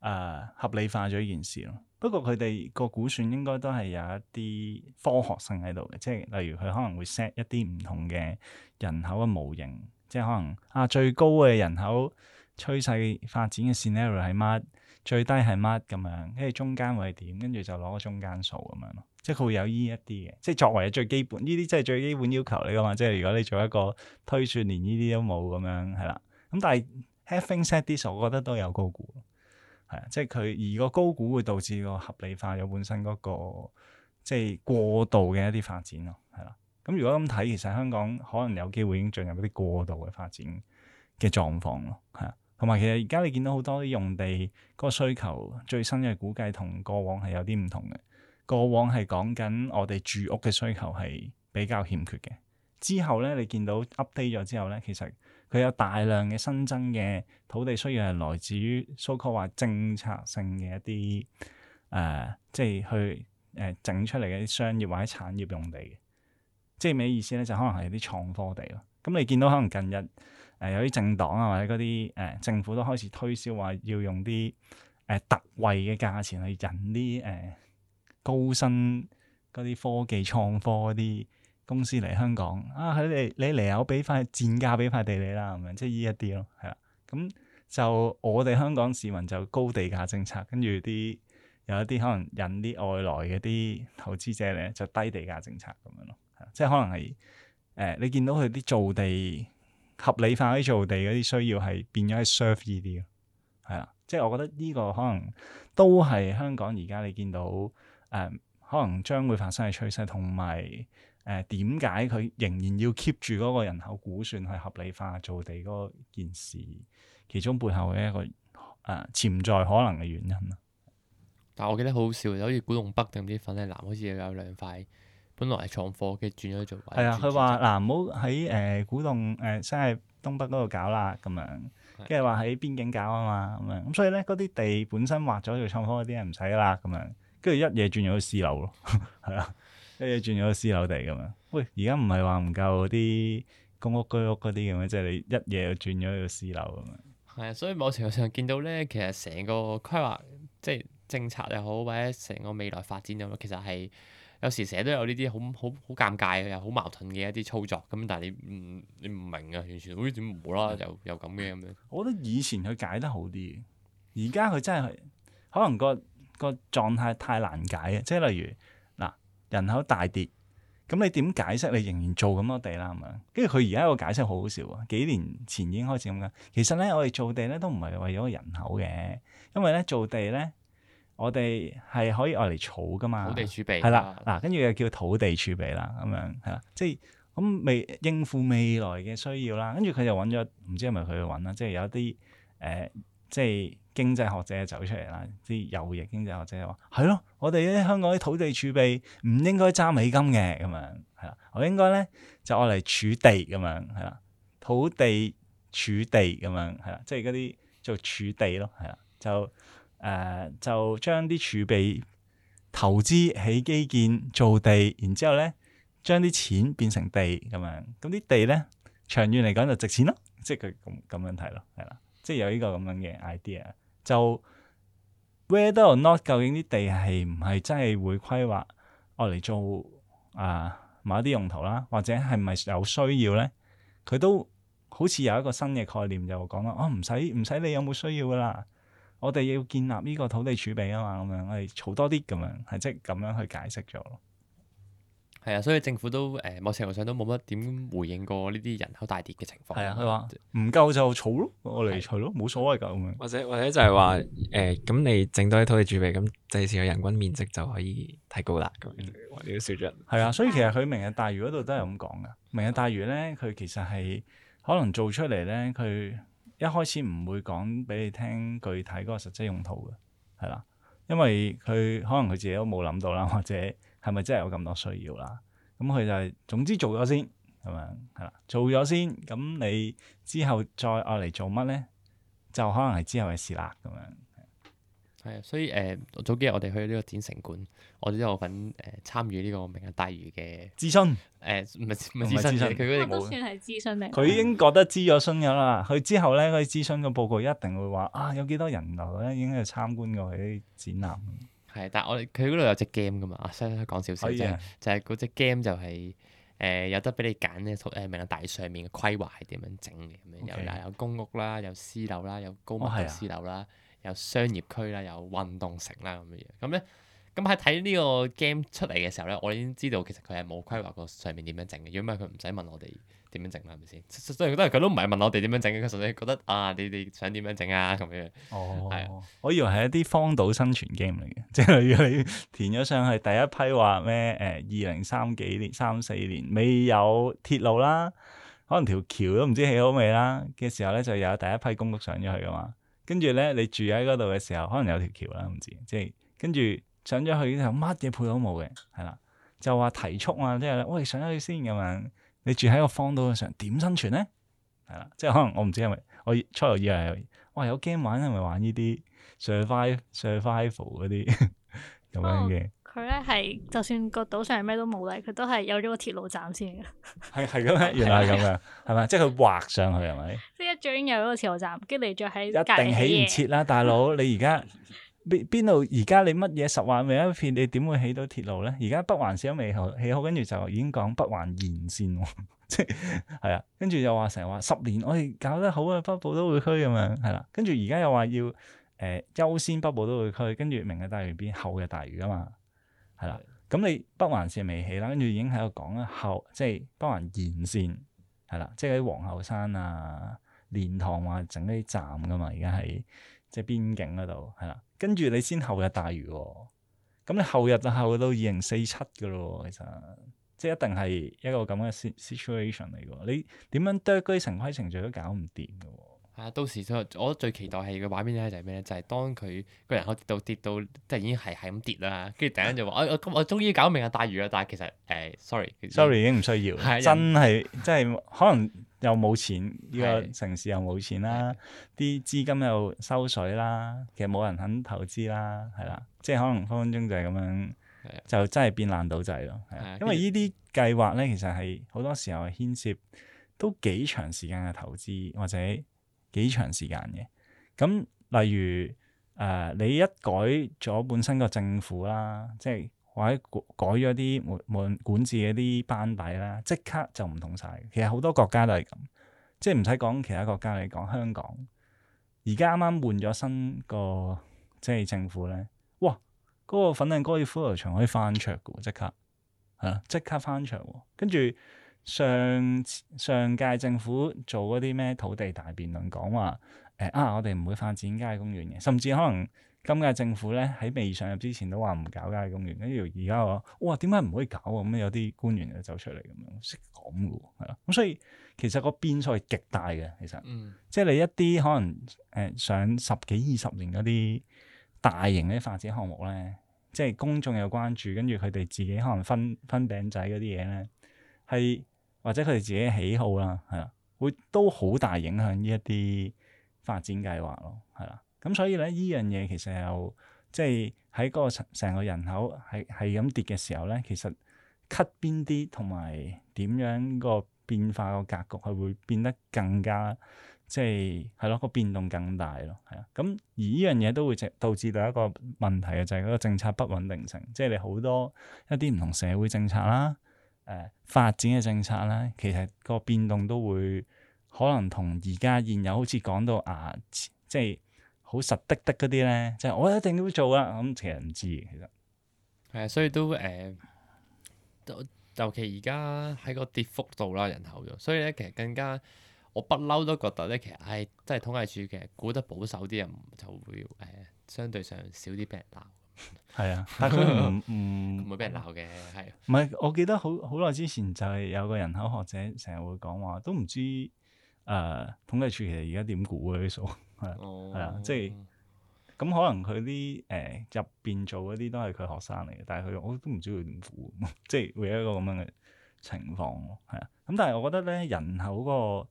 呃、合理化咗呢件事咯。不過佢哋個估算應該都係有一啲科學性喺度嘅，即係例如佢可能會 set 一啲唔同嘅人口嘅模型，即係可能啊最高嘅人口趨勢發展嘅 scenario 係乜，最低係乜咁樣，跟住中間會係點，跟住就攞個中間數咁樣咯。即係佢會有依一啲嘅，即係作為最基本，呢啲即係最基本要求嚟噶嘛。即係如果你做一個推算，連呢啲都冇咁樣，係啦。咁但係 Having said this，我覺得都有高估，係啊。即係佢而個高估會導致個合理化有本身嗰個即係過度嘅一啲發展咯，係啦。咁如果咁睇，其實香港可能有機會已經進入一啲過度嘅發展嘅狀況咯，係啊。同埋其實而家你見到好多啲用地個需求最新嘅估計同過往係有啲唔同嘅。過往係講緊我哋住屋嘅需求係比較欠缺嘅。之後咧，你見到 update 咗之後咧，其實佢有大量嘅新增嘅土地需要係來自於所謂話政策性嘅一啲誒、呃，即係去誒、呃、整出嚟嘅啲商業或者產業用地嘅。即係咩意思咧？就可能係啲創科地咯。咁你見到可能近日誒、呃、有啲政黨啊或者嗰啲誒政府都開始推銷話要用啲誒、呃、特惠嘅價錢去引啲誒。呃高薪嗰啲科技創科嗰啲公司嚟香港啊！佢哋你嚟我俾塊賤價俾塊地你啦，咁樣即係依一啲咯，係啦。咁就我哋香港市民就高地價政策，跟住啲有一啲可能引啲外來嘅啲投資者咧，就低地價政策咁樣咯，即係可能係誒、呃、你見到佢啲造地合理化啲造地嗰啲需要係變咗係 serve 呢啲咯，係啊，即係我覺得呢個可能都係香港而家你見到。誒可能將會發生嘅趨勢，同埋誒點解佢仍然要 keep 住嗰個人口估算去合理化做地嗰件事，其中背後嘅一個誒、呃、潛在可能嘅原因啊！但係我記得好好笑，好似古洞北定啲粉嶺南，好似有兩塊本來係創科嘅轉咗做。係啊，佢話嗱，唔好喺誒古洞誒，即、呃、係東北嗰度搞啦，咁樣跟住話喺邊境搞啊嘛，咁樣咁所以咧，嗰啲地本身劃咗做創科嗰啲，係唔使啦，咁樣。跟住一夜轉咗去私樓咯，係啦，一夜轉咗去私樓地咁樣。喂，而家唔係話唔夠嗰啲公屋居屋嗰啲咁樣。即係你一夜就轉咗個私樓咁樣。係啊，所以某程度上見到咧，其實成個規劃即係政策又好，或者成個未來發展又好，其實係有時成日都有呢啲好好好尷尬又好矛盾嘅一啲操作。咁但係你唔你唔明㗎，完全好似點無啦啦又又咁嘅咁樣。我覺得以前佢解得好啲，而家佢真係可能個。個狀態太難解嘅，即係例如嗱人口大跌，咁你點解釋你仍然做咁多地啦咁樣？跟住佢而家個解釋好好笑喎，幾年前已經開始咁噶。其實咧，我哋做地咧都唔係為咗人口嘅，因為咧做地咧，我哋係可以攞嚟儲噶嘛，土地儲備係啦嗱，跟住吧又叫土地儲備啦咁樣係啦，即係咁未應付未來嘅需要啦。跟住佢就揾咗，唔知係咪佢去揾啦？即係有一啲誒、呃，即係。經濟學者走出嚟啦，啲右翼經濟學者話：係咯、 啊，我哋啲香港啲土地儲備唔應該揸美金嘅咁樣，係啦，我應該咧就愛嚟儲地咁樣，係啦，土地儲地咁樣，係啦，即係嗰啲做儲地咯，係啦，就誒、呃、就將啲儲備投資喺基建做地，然之後咧將啲錢變成地咁樣，咁啲地咧長遠嚟講就值錢咯，即係佢咁咁樣睇咯，係啦，即係有呢個咁樣嘅 idea。就 whether or not，究竟啲地係唔係真係會規劃我嚟做啊、呃、某一啲用途啦，或者係咪有需要咧？佢都好似有一個新嘅概念，就講啦，哦唔使唔使你有冇需要噶啦，我哋要建立呢個土地儲備啊嘛，咁樣我哋儲多啲咁樣，係即係咁樣去解釋咗咯。係啊，所以政府都誒、呃，某程度上都冇乜點回應過呢啲人口大跌嘅情況。係啊，佢話唔夠就儲咯，我嚟除咯，冇、啊啊、所謂㗎咁樣。或者或者就係話誒，咁、呃、你整多啲土地儲備，咁第時嘅人均面積就可以提高啦咁樣。我哋都、嗯、少咗人。係啊，所以其實佢明日大嶼嗰度都係咁講㗎。明日大嶼咧，佢其實係可能做出嚟咧，佢一開始唔會講俾你聽具體嗰個實際用途嘅，係啦，因為佢可能佢自己都冇諗到啦，或者。係咪真係有咁多需要啦？咁、嗯、佢就係、是、總之做咗先，係咪係啦？做咗先，咁你之後再愛嚟做乜咧？就可能係之後嘅事啦，咁樣係啊。所以誒、呃，早幾日我哋去呢個展城館，我都有份誒參與呢個明日大嶼嘅諮詢誒，唔係諮詢佢嗰啲算係諮詢嚟。佢已經覺得諮咗詢噶啦。佢之後咧，佢諮詢嘅報告一定會話啊，有幾多人來咧，已經去參觀過佢啲展覽。嗯係，但係我哋佢嗰度有隻 game 㗎嘛，啊，先講少少啫，就係嗰隻 game 就係誒有得俾你揀咧，誒明大上面嘅規劃係點樣整嘅，咁樣 Okay. 有有公屋啦，有私樓啦，有高密度私樓啦，oh, yeah. 有商業區啦，有運動城啦咁嘅樣，咁咧咁喺睇呢個 game 出嚟嘅時候咧，我已經知道其實佢係冇規劃過上面點樣整嘅，如果唔係佢唔使問我哋。點樣整啦？係咪先？雖然都係佢都唔係問我哋點樣整嘅，佢純粹覺得啊，你哋想點樣整啊？咁樣。哦。係啊，我以為係一啲荒島生存 game 嚟嘅，即係例如你填咗上去，第一批話咩誒二零三幾年三四年未有鐵路啦，可能條橋都唔知起好未啦嘅時候咧，就有第一批公屋上咗去噶嘛。跟住咧，你住喺嗰度嘅時候，可能有條橋啦，唔知。即係跟住上咗去之後，乜嘢配套都冇嘅，係啦，就話提速啊，即係喂上咗去先咁樣。你住喺個荒島上點生存呢？係啦，即係可能我唔知係咪我初頭以為哇有 game 玩係咪玩 survival,、嗯、 呢啲 survive、survival 嗰啲咁樣嘅？佢咧係就算島個島上咩都冇咧，佢都係有咗個鐵路站先嘅。係係咁啊，原來係咁啊，係咪？ 即係佢畫上去係咪？即係一最緊有咗個鐵路站，跟住你再喺一定起唔切啦，大佬！你而家。 邊邊度而家你乜嘢十劃未一片，你點會起到鐵路咧？而家北環線都未起好，跟住就已經講北環延線，即係啊，跟住又話成日話十年我哋搞得好啊，北部都會區咁樣，係啦。跟住而家又話要誒、呃、優先北部都會區，跟住明日大嶼變後日大嶼㗎嘛，係啦。咁的你北環線未起啦，跟住已經喺度講啦後，即係北環延線，係啦，即係喺皇后山啊、蓮塘啊整啲站噶嘛，而家喺即係邊境嗰度，係啦。跟住你先後日大嶼喎、哦，咁你後日就後到二零四七嘅咯喎，其實即係一定係一個咁嘅 situation 嚟嘅。你點樣多嗰啲成規程序都搞唔掂嘅喎。係啊，到時我最期待係嘅畫面咧就係咩咧？就係、是、當佢個人口跌到跌到即係已經係係咁跌啦，跟住突然間就話： 我我我終於搞明啊大嶼啦！但係其實誒、呃、，sorry，sorry 已經唔需要，真係人 真係可能。又冇錢，呢、這個城市又冇錢啦，啲資的金又收水啦，其實冇人肯投資啦，係啦，嗯、即係可能分分鐘就係咁樣，的就真係變爛島仔咯。的因為計劃呢啲計劃咧，其實係好多時候牽涉都幾長時間嘅投資，或者幾長時間嘅。咁、嗯、例如誒、呃，你一改咗本身個政府啦，即係。或者改咗啲冇冇管治嘅啲班底啦，即刻就唔同晒。其實好多國家都係咁，即係唔使講其他國家，你講香港，而家啱啱換咗新個即係政府咧，哇！嗰、那個粉嶺高爾夫球場可以翻場嘅喎，即刻嚇，即、啊、刻翻場。跟住上上屆政府做嗰啲咩土地大辯論，講話誒啊，我哋唔會發展街公園嘅，甚至可能。今屆政府咧，喺未上任之前都話唔搞家公園，跟住而家話，哇點解唔可以搞？咁有啲官員又走出嚟咁樣識講嘅喎，係啦。咁所以其實個變數係極大嘅，其實，嗯、即係你一啲可能誒、呃、上十幾二十年嗰啲大型嘅發展項目咧，即係公眾有關注，跟住佢哋自己可能分分餅仔嗰啲嘢咧，係或者佢哋自己喜好啦，係啊，會都好大影響呢一啲發展計劃咯，係啦。咁所以咧，依樣嘢其實又即係喺嗰個成成個人口係係咁跌嘅時候咧，其實 cut 邊啲同埋點樣個變化個格局係會變得更加即係係咯，個變動更大咯，係、嗯、啊。咁而依樣嘢都會製導致到一個問題嘅，就係、是、嗰個政策不穩定性，即係你好多一啲唔同社會政策啦，誒、呃、發展嘅政策啦，其實個變動都會可能同而家現有好似講到啊，即係。好實得得嗰啲咧，即、就、係、是、我一定都會做啊！咁其實唔知其實，係啊，所以都誒、呃，尤其而家喺個跌幅度啦，人口咗，所以咧其實更加，我不嬲都覺得咧，其實唉、哎，真係統計處其實估得保守啲人就會誒、呃，相對上少啲俾人鬧。係啊的， 但係佢唔唔唔會俾人鬧嘅，係。唔係，我記得好好耐之前就係有個人口學者成日會講話，都唔知誒、呃、統計處其實而家點估啊，啲數。係，係啊、oh. 呃，即係咁可能佢啲誒入邊做嗰啲都係佢學生嚟嘅，但係佢我都唔知佢點估，即係會有一個咁樣嘅情況，係啊。咁但係我覺得咧，人口個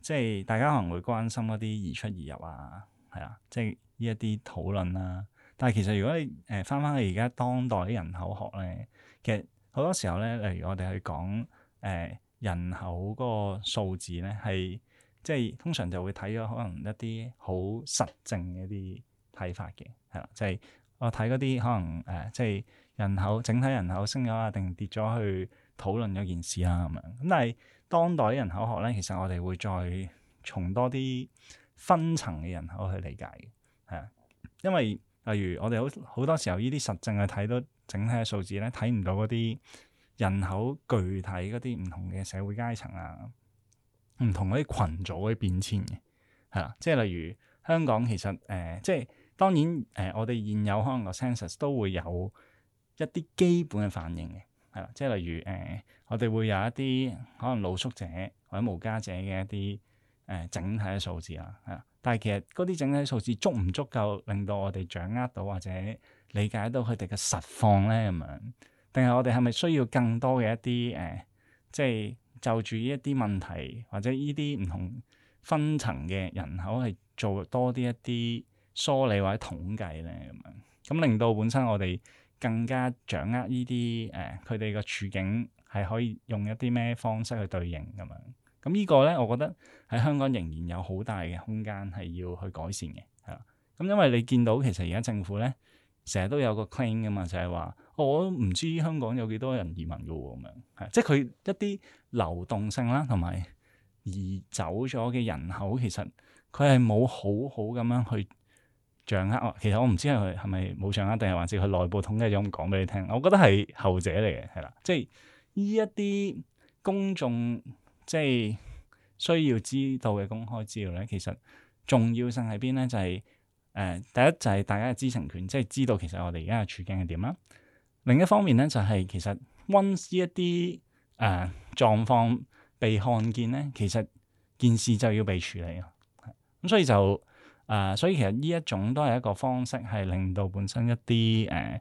即係大家可能會關心一啲移出移入啊，係啊，即係呢一啲討論啦。但係其實如果你誒翻翻去而家當代啲人口學咧，其實好多時候咧，例如我哋去講誒、呃、人口個數字咧，係。即係通常就會睇咗可能一啲好實證嘅一啲睇法嘅，係啦，就係、係、我睇嗰啲可能誒，即、呃、係、就係、人口整體人口升咗啊，定跌咗去討論嗰件事啊咁樣。咁但係當代人口學咧，其實我哋會再從多啲分層嘅人口去理解嘅，係啊，因為例如我哋好好多時候依啲實證去睇到整體嘅數字咧，睇唔到嗰啲人口具體嗰啲唔同嘅社會階層啊。唔同嗰啲群組嘅變遷嘅，係啦，即係例如香港其實誒、呃，即係當然誒、呃，我哋現有可能個 census 都會有一啲基本嘅反應嘅，係啦，即係例如誒、呃，我哋會有一啲可能露宿者或者無家者嘅一啲誒、呃、整體嘅數字啦，係啦，但係其實嗰啲整體數字足唔足夠令到我哋掌握到或者理解到佢哋嘅實況咧咁樣？定係我哋係咪需要更多嘅一啲誒、呃，即係？就住呢一啲問題，或者呢啲唔同分層嘅人口，係做多啲一啲梳理或者統計咧咁，咁令到本身我哋更加掌握呢啲誒佢哋嘅處境，係可以用一啲咩方式去對應咁樣。咁呢個咧，我覺得喺香港仍然有好大嘅空間係要去改善嘅，係啦。咁因為你見到其實而家政府咧。成日都有個 claim 噶嘛，就係話我唔知香港有幾多人移民噶喎咁樣，係即係佢一啲流動性啦，同埋移走咗嘅人口，其實佢係冇好好咁樣去掌握。啊、其實我唔知係係咪冇掌握，定係還是佢內部統計咗，咁講俾你聽。我覺得係後者嚟嘅，係啦，即係呢一啲公眾即係需要知道嘅公開資料咧，其實重要性喺邊咧，就係。誒、呃、第一就係大家嘅知情權，即係知道其實我哋而家嘅處境係點啦。另一方面咧，就係、是、其實 once 呢一啲誒狀況被看見咧，其實件事就要被處理啊。咁所以就誒、呃，所以其實呢一種都係一個方式，係令到本身一啲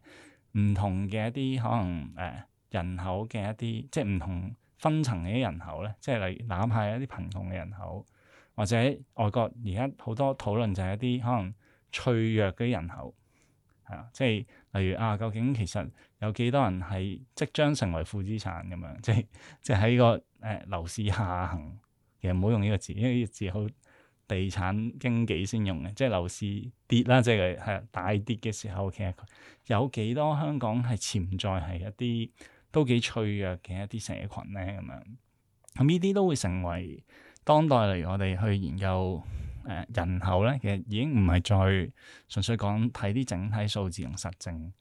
誒唔同嘅一啲可能誒、呃、人口嘅一啲，即係唔同分層嘅一啲人口咧，即係例如哪怕一啲貧窮嘅人口，或者外國而家好多討論就係一啲可能，脆弱嘅人口，係啊，即係例如啊，究竟其實有幾多人係即將成為負資產咁樣？即係即喺個誒樓市下行，其實唔好用呢個字，因為呢個字好地產經紀先用嘅。即係樓市跌啦，即係係大跌嘅時候，其實有幾多香港係潛在係一啲都幾脆弱嘅一啲社群咧？咁樣咁呢啲都會成為當代嚟我哋去研究。誒、呃、人口咧，其實已經唔係再純粹講睇啲整體數字同實證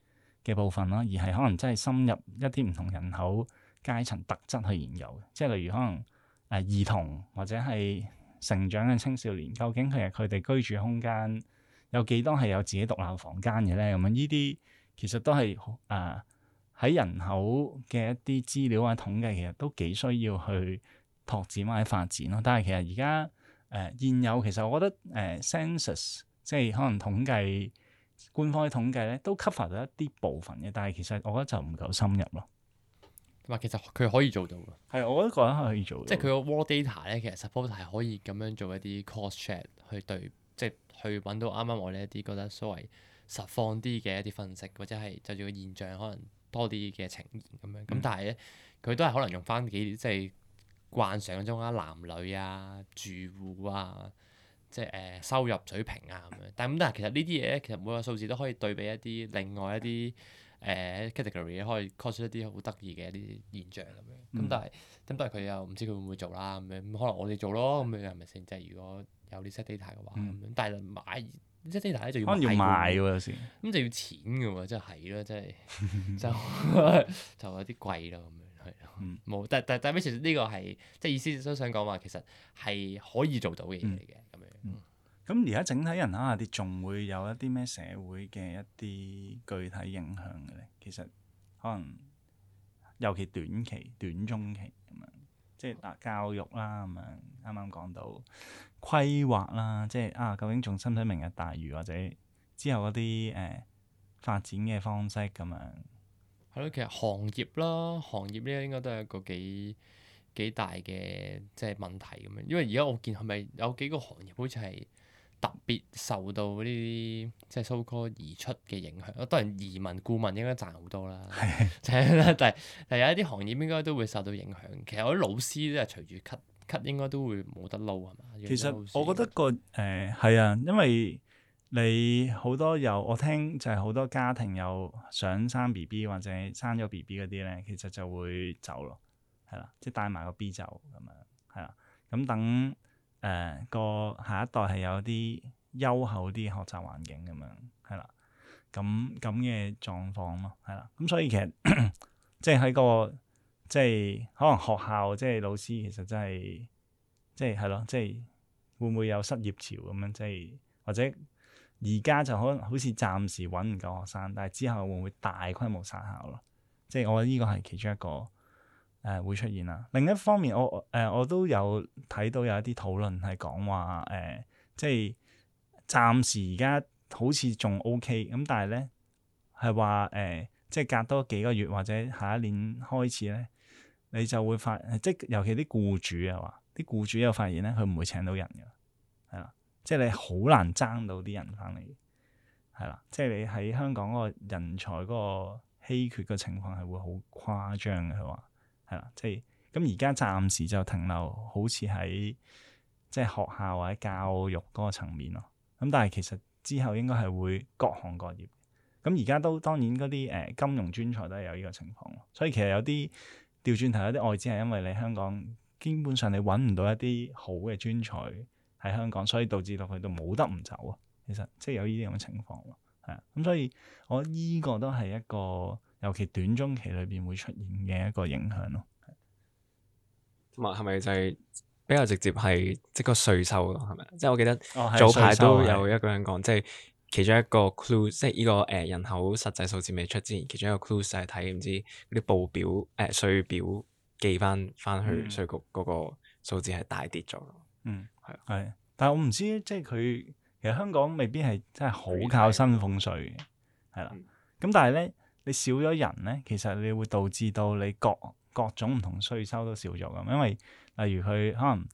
嘅部分啦，而係可能真係深入一啲唔同人口階層特質去研究，即係例如可能誒、呃、兒童或者係成長嘅青少年，究竟其實佢哋居住空間有幾多係有自己獨立房間嘅咧？咁樣呢啲其實都係誒喺人口嘅一啲資料呀統計，其實都幾需要去拓展或者發展咯。但係其實而家。誒、呃、現有其實我覺得誒 census、呃、即係可能統計官方嘅統計咧，都 cover 咗一啲部分嘅，但係其實我覺得就唔夠深入咯。唔係，其實佢可以做到嘅。係，我覺得個人可以做到。到。即係佢個 raw data 咧，其實 support 係可以咁樣做一啲 cause effect 去對，即係去揾到啱啱我哋一啲覺得所謂實況啲嘅一啲分析，或者係就住個現象可能多啲嘅呈現咁樣。咁、嗯、但係咧，佢都係可能用翻幾即係。慣常中啊，男女啊，住戶啊，即係誒、呃、收入水平啊咁樣。但係咁，但係其實呢啲嘢咧，其實每個數字都可以對比一啲另外一啲誒、呃、category，可以 call 一啲好得意嘅一啲現象咁樣。咁、嗯、但係咁但係佢又唔知佢會唔會做啦咁樣。可能我哋做咯咁樣係咪先？即係、嗯、如果有呢 set data 嘅話，嗯、但係買。即係大家就可能要賣喎，有時咁就要錢嘅喎，即係咯，即係就就有啲貴咯，咁樣係咯，冇，但但但係，其實呢個係即係意思都想講話，其實係可以做到嘅嘢嚟嘅咁樣。咁而家整體人可下啲，仲會有一啲咩社會嘅一啲具體影響嘅咧，其實可能尤其短期、短中期咁樣。即教育啦，咁樣啱啱講到規劃啦，即係啊，究竟仲使唔使明日大嶼，或者之後嗰啲誒發展嘅方式咁樣？係咯，其實行業啦，行業呢應該都係一個幾幾大嘅即係問題咁樣，因為而家我見係咪有幾個行業好似係。特別受到呢啲即係 so called 移出嘅影響，當然移民顧問應該賺好多啦，係啦， 但係有一啲行業應該都會受到影響。其實我啲老師都係隨住 cut cut 應該都會冇得撈係嘛。其實是是我覺得個誒係、呃、啊，因為你好多有我聽就係好多家庭有想生 B B 或者生咗 B B 嗰啲咧，其實就會走咯，係啦、啊，即係帶埋個 B 走咁樣，係啦、啊，咁等。誒個、啊、下一代係有啲優厚啲學習環境咁樣，係啦，咁咁嘅狀況咯，係啦，咁所以其實 即係喺個即係可能學校即係老師其實真係即係係咯，即係會唔會有失業潮咁樣？即係或者而家就可能好似暫時揾唔夠學生，但係之後會唔會大規模殺校咯？即係我覺得呢個係其中一個。誒、呃、會出現啦。另一方面，我誒、呃、我都有睇到有一啲討論係講話誒，即係暫時而家好似仲 O K 咁，但係咧係話誒，即係隔多幾個月或者下一年開始咧，你就會發即係尤其啲僱主啊，話啲僱主有發現咧，佢唔會請到人㗎，係啦，即係你好難爭到啲人翻嚟，係啦，即係你喺香港嗰個人才嗰個稀缺嘅情況係會好誇張嘅佢話。係啦，即係咁而家暫時就停留，好似喺即係學校或者教育嗰個層面咯。咁但係其實之後應該係會各行各業。咁而家都當然嗰啲誒金融專才都係有呢個情況。所以其實有啲調轉頭有啲外資係因為你香港基本上你揾唔到一啲好嘅專才喺香港，所以導致到佢都冇得唔走啊。其實即係有呢啲咁嘅情況咯。係啊，咁所以我依個都係一個。尤其短中期裏邊會出現嘅一個影響咯，同埋係咪就係比較直接係即個稅收咯，係咪？即係我記得早排、哦、都有一個人講，即係的其中一個 clue，即係呢個誒人口實際數字未出之前，其中一個 clue 就係睇唔知啲報表誒稅、呃、表寄翻翻去稅、嗯、局嗰個數字係大跌咗咯。嗯，係係的，但係我唔知即係佢其實香港未必係真係好靠薪俸稅嘅，係啦，咁、嗯嗯、但係咧。你少咗人咧，其實你會導致到你各各種唔同稅收都少咗，咁，因為例如佢可能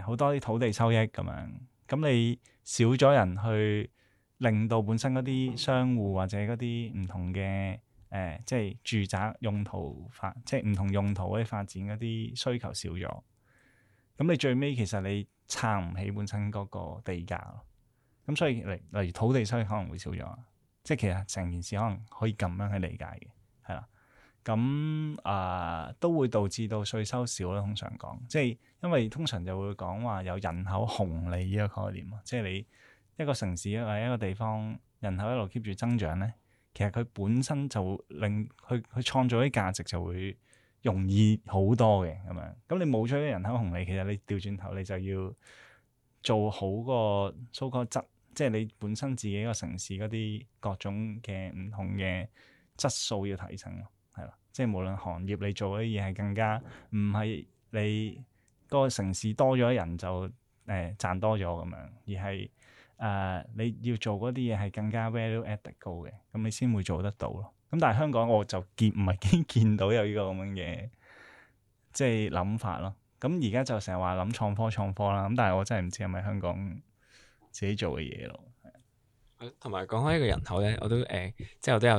誒好、呃、多啲土地收益咁樣，咁你少咗人去令到本身嗰啲商戶或者嗰啲唔同嘅誒、呃，即係住宅用途發，即係唔同用途嗰啲發展嗰啲需求少咗，咁你最尾其實你撐唔起本身嗰個地價咯，咁所以例例如土地收益可能會少咗。即係其實成件事可能可以咁樣去理解嘅，係啦，咁、嗯、啊都會導致到稅收少咯。通常講，即係因為通常就會講話有人口紅利呢個概念啊，即係你一個城市或者一個地方人口一路 keep 住增長咧，其實佢本身就會令佢佢創造啲價值就會容易好多嘅咁樣。咁你冇咗啲人口紅利，其實你調轉頭你就要做好個蘇格質。即係你本身自己一個城市嗰啲各種嘅唔同嘅質素要提升咯，係咯，即係無論行業你做嗰啲嘢係更加唔係你個城市多咗人就誒、呃、賺多咗咁樣，而係誒、呃、你要做嗰啲嘢係更加 value add 得高嘅，咁你先會做得到咯。咁但係香港我就見唔係見見到有呢個咁樣嘅即係諗法咯。咁而家就成日話諗創科創科啦，咁但係我真係唔知係咪香港，自己做嘅嘢咯，係啊，同埋講開一個人口咧，我都誒、呃，即係我都有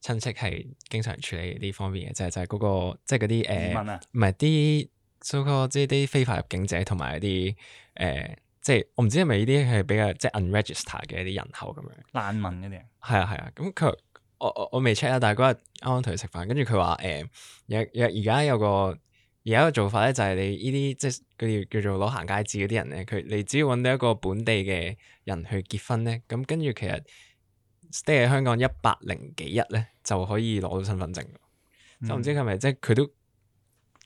親戚係經常處理呢方面嘅，就係就係嗰個即係嗰啲誒，唔係啲 so-called 即係啲非法入境者同埋一啲誒、呃，即係我唔知係咪呢啲係比較即係 unregistered 嘅一啲人口咁樣，難民嗰啲啊，係啊係啊，咁佢我我我未 check 啊，但係嗰日啱啱同佢食飯，跟住佢話誒有有而家有個。而家一個做法咧，就係、是、你呢啲即係佢叫叫做攞行街紙嗰啲人咧，佢你只要揾到一個本地嘅人去結婚咧，咁跟住其實 stay 喺香港一百零幾日咧，就可以攞到身份證。嗯、就唔知佢係咪即係佢都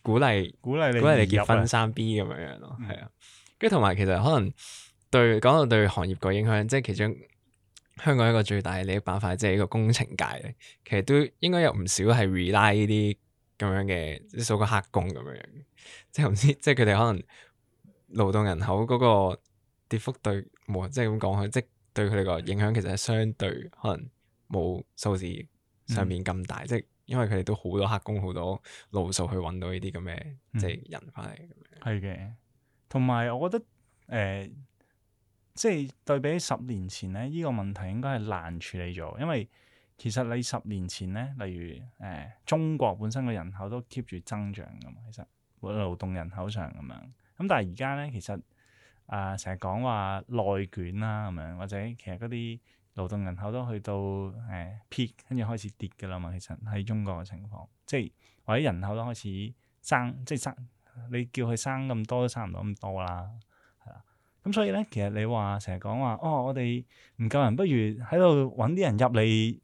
鼓勵鼓勵勵你鼓勵你結婚生 B 咁、嗯嗯、樣樣咯？係啊，跟住同埋其實可能對講到對行業個影響，即係其中香港一個最大嘅利益板塊，即、就、係、是、一個工程界，其實都應該有唔少係 rely 呢啲。咁樣嘅，即係數個黑工咁樣樣，即係唔知，即係佢哋可能勞動人口嗰個跌幅對，即係咁講，即係對佢哋個影響其實係相對可能冇數字上面咁大，嗯、即係因為佢哋都好多黑工，好多勞數去搵到呢啲咁嘅即係人翻嚟。係嘅、嗯，同埋我覺得誒、呃，即係對比十年前咧，呢、這個問題應該係難處理咗，因為。其實你十年前咧，例如誒、呃、中國本身嘅人口都 keep 住增長嘅嘛，其實勞動人口上咁樣。咁但係而家咧，其實、呃、啊成日講話內卷啦咁樣，或者其實嗰啲勞動人口都去到誒、呃、peak，跟住開始跌嘅啦嘛。其實喺中國嘅情況，即係或者人口都開始生，即係生你叫佢生咁多都生唔到咁多啦。係啊，咁所以咧，其實你話成日講話哦，我哋唔夠人，不如喺度搵啲人入嚟。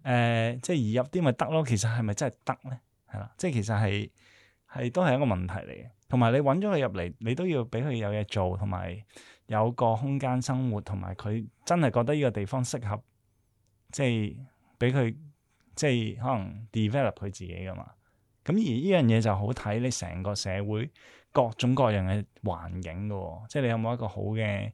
誒、呃，即係移入啲咪得咯？其實係咪真係得咧？係啦，即係其實係係都係一個問題嚟嘅。同埋你揾咗佢入嚟，你都要俾佢有嘢做，同埋有，有個空間生活，同埋佢真係覺得呢個地方適合，即係俾佢即係可能 develop 佢自己噶嘛。咁而呢樣嘢就好睇你成個社會各種各樣嘅環境噶喎、哦，即係你有冇一個好嘅誒、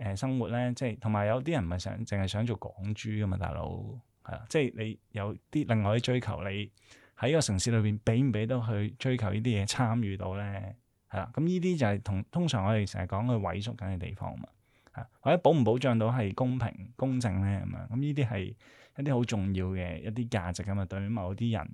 呃、生活咧？即係同埋有啲人唔係想淨係想做港豬噶嘛，大佬。係啦，即係你有啲另外啲追求，你喺個城市裏邊俾唔俾得去追求參與呢啲嘢參與到咧？係啦，咁呢啲就係同通常我哋成日講佢萎縮緊嘅地方嘛，係啊或者保唔保障到係公平公正咧咁樣？咁呢啲係一啲好重要嘅一啲價值啊嘛，對於某啲人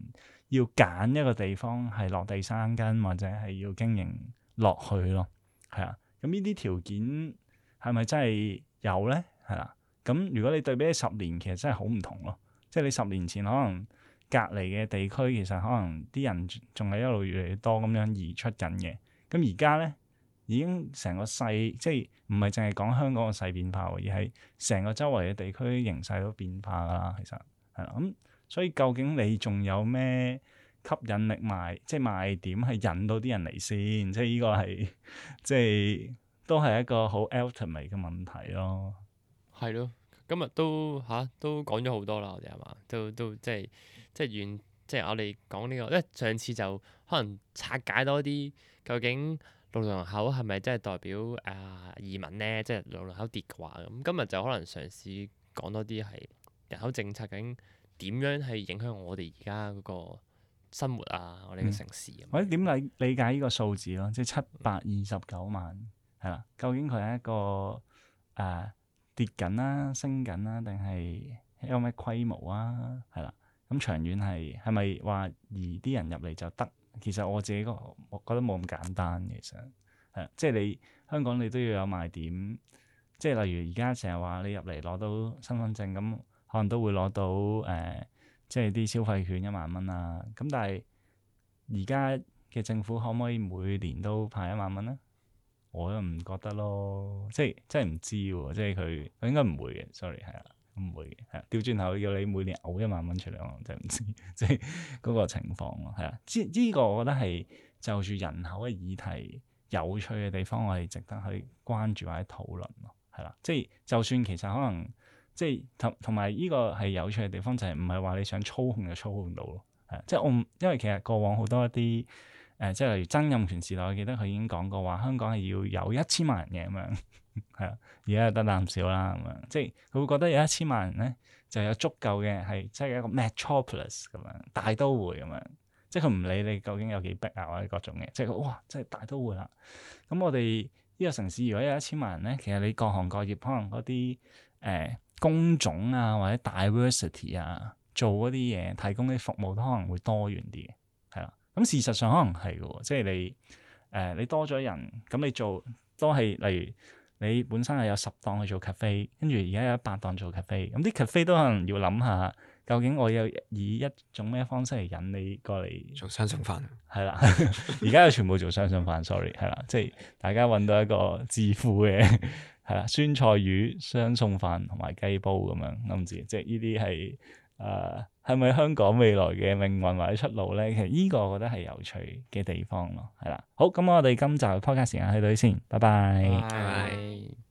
要揀一個地方係落地生根或者係要經營落去咯，係啊，咁，嗯，呢啲條件係咪真係有咧？係啦。咁如果你對比起十年，其實真係好唔同咯。即係你十年前可能隔離嘅地區，其實可能啲人仲係一路越嚟越多咁樣移出緊嘅。咁而家咧已經成個世，即係唔係淨係講香港嘅世變化，而係成個周圍嘅地區形勢都變化㗎喇。其實係啦，咁所以究竟你仲有咩吸引力賣，即係賣點係引到啲人嚟先？即係依個係即係都係一個好 ultimate 嘅問題咯。係咯， 今日都嚇、啊、都講咗好多啦，我哋係嘛，都都即係即係完，即係我哋講呢、這個，因為上次就可能拆解多啲，究竟老人口係咪真係代表誒、呃、移民咧？即係老人口跌嘅話，咁今日就可能嘗試講多啲係人口政策，究竟點樣係影響我哋而家嗰個生活啊？嗯、我哋嘅城市。嗯、或者點嚟理解呢個數字咯？即係七百二十九萬係啦，嗯、究竟佢係一個誒？呃跌緊啦、啊，升緊啦、啊，定係有咩規模啊？係啦，咁長遠係係咪話移啲人入嚟就得？其實我自己覺覺得冇咁簡單，其實係即係你香港你都要有賣點，即係例如而家成日話你入嚟攞到身份證咁，可能都會攞到誒、呃、即係啲消費券一萬蚊啦、啊。咁但係而家嘅政府可唔可以每年都派一萬蚊呢？我都唔覺得咯，即係即係唔知喎，即係佢佢應該唔會嘅，sorry 係啊，唔會嘅係啊，調轉頭要你每年嘔一萬蚊出嚟咯，即係唔知即係嗰個情況咯，係啊，即呢個我覺得係就住人口嘅議題有趣嘅地方，我哋值得去關注或者討論咯，係啦，即係就算其實可能即係同同埋呢個係有趣嘅地方，就係唔係話你想操控就操控到咯，係即係我唔因為其實過往好多一啲。誒、呃，即係例如曾蔭權時代，我記得佢已經講過話，香港係要有一千萬人嘅咁樣，係啊，而家又得啖笑啦咁樣。即係佢會覺得有一千萬人咧，就有足夠嘅係即係一個 metropolis 咁樣大都會咁樣。即係佢唔理你究竟有幾逼啊或者各種嘅，即係哇，即係大都會啦。咁、嗯、我哋呢個城市如果有一千萬人咧，其實你各行各業可能嗰啲誒工種啊或者 diversity 啊，做嗰啲嘢提供啲服務都可能會多元啲。咁事實上可能係嘅，即係你誒、呃、你多咗人，咁你做都係例如你本身係有十檔去做 cafe，跟住而家有一百檔做 cafe，咁啲 cafe 都可能要諗下，究竟我有以一種咩方式嚟引你過嚟做雙餸飯？係啦了，而家就全部做雙餸飯 ，sorry 係啦，即係大家揾到一個致富嘅係啦，酸菜魚雙餸飯同埋雞煲咁樣我唔知，即係呢啲係誒。係咪香港未來嘅命運或者出路咧？其實呢個我覺得係有趣嘅地方咯，係啦。好，咁我哋今集嘅 podcast 時間去到先，拜拜。拜拜。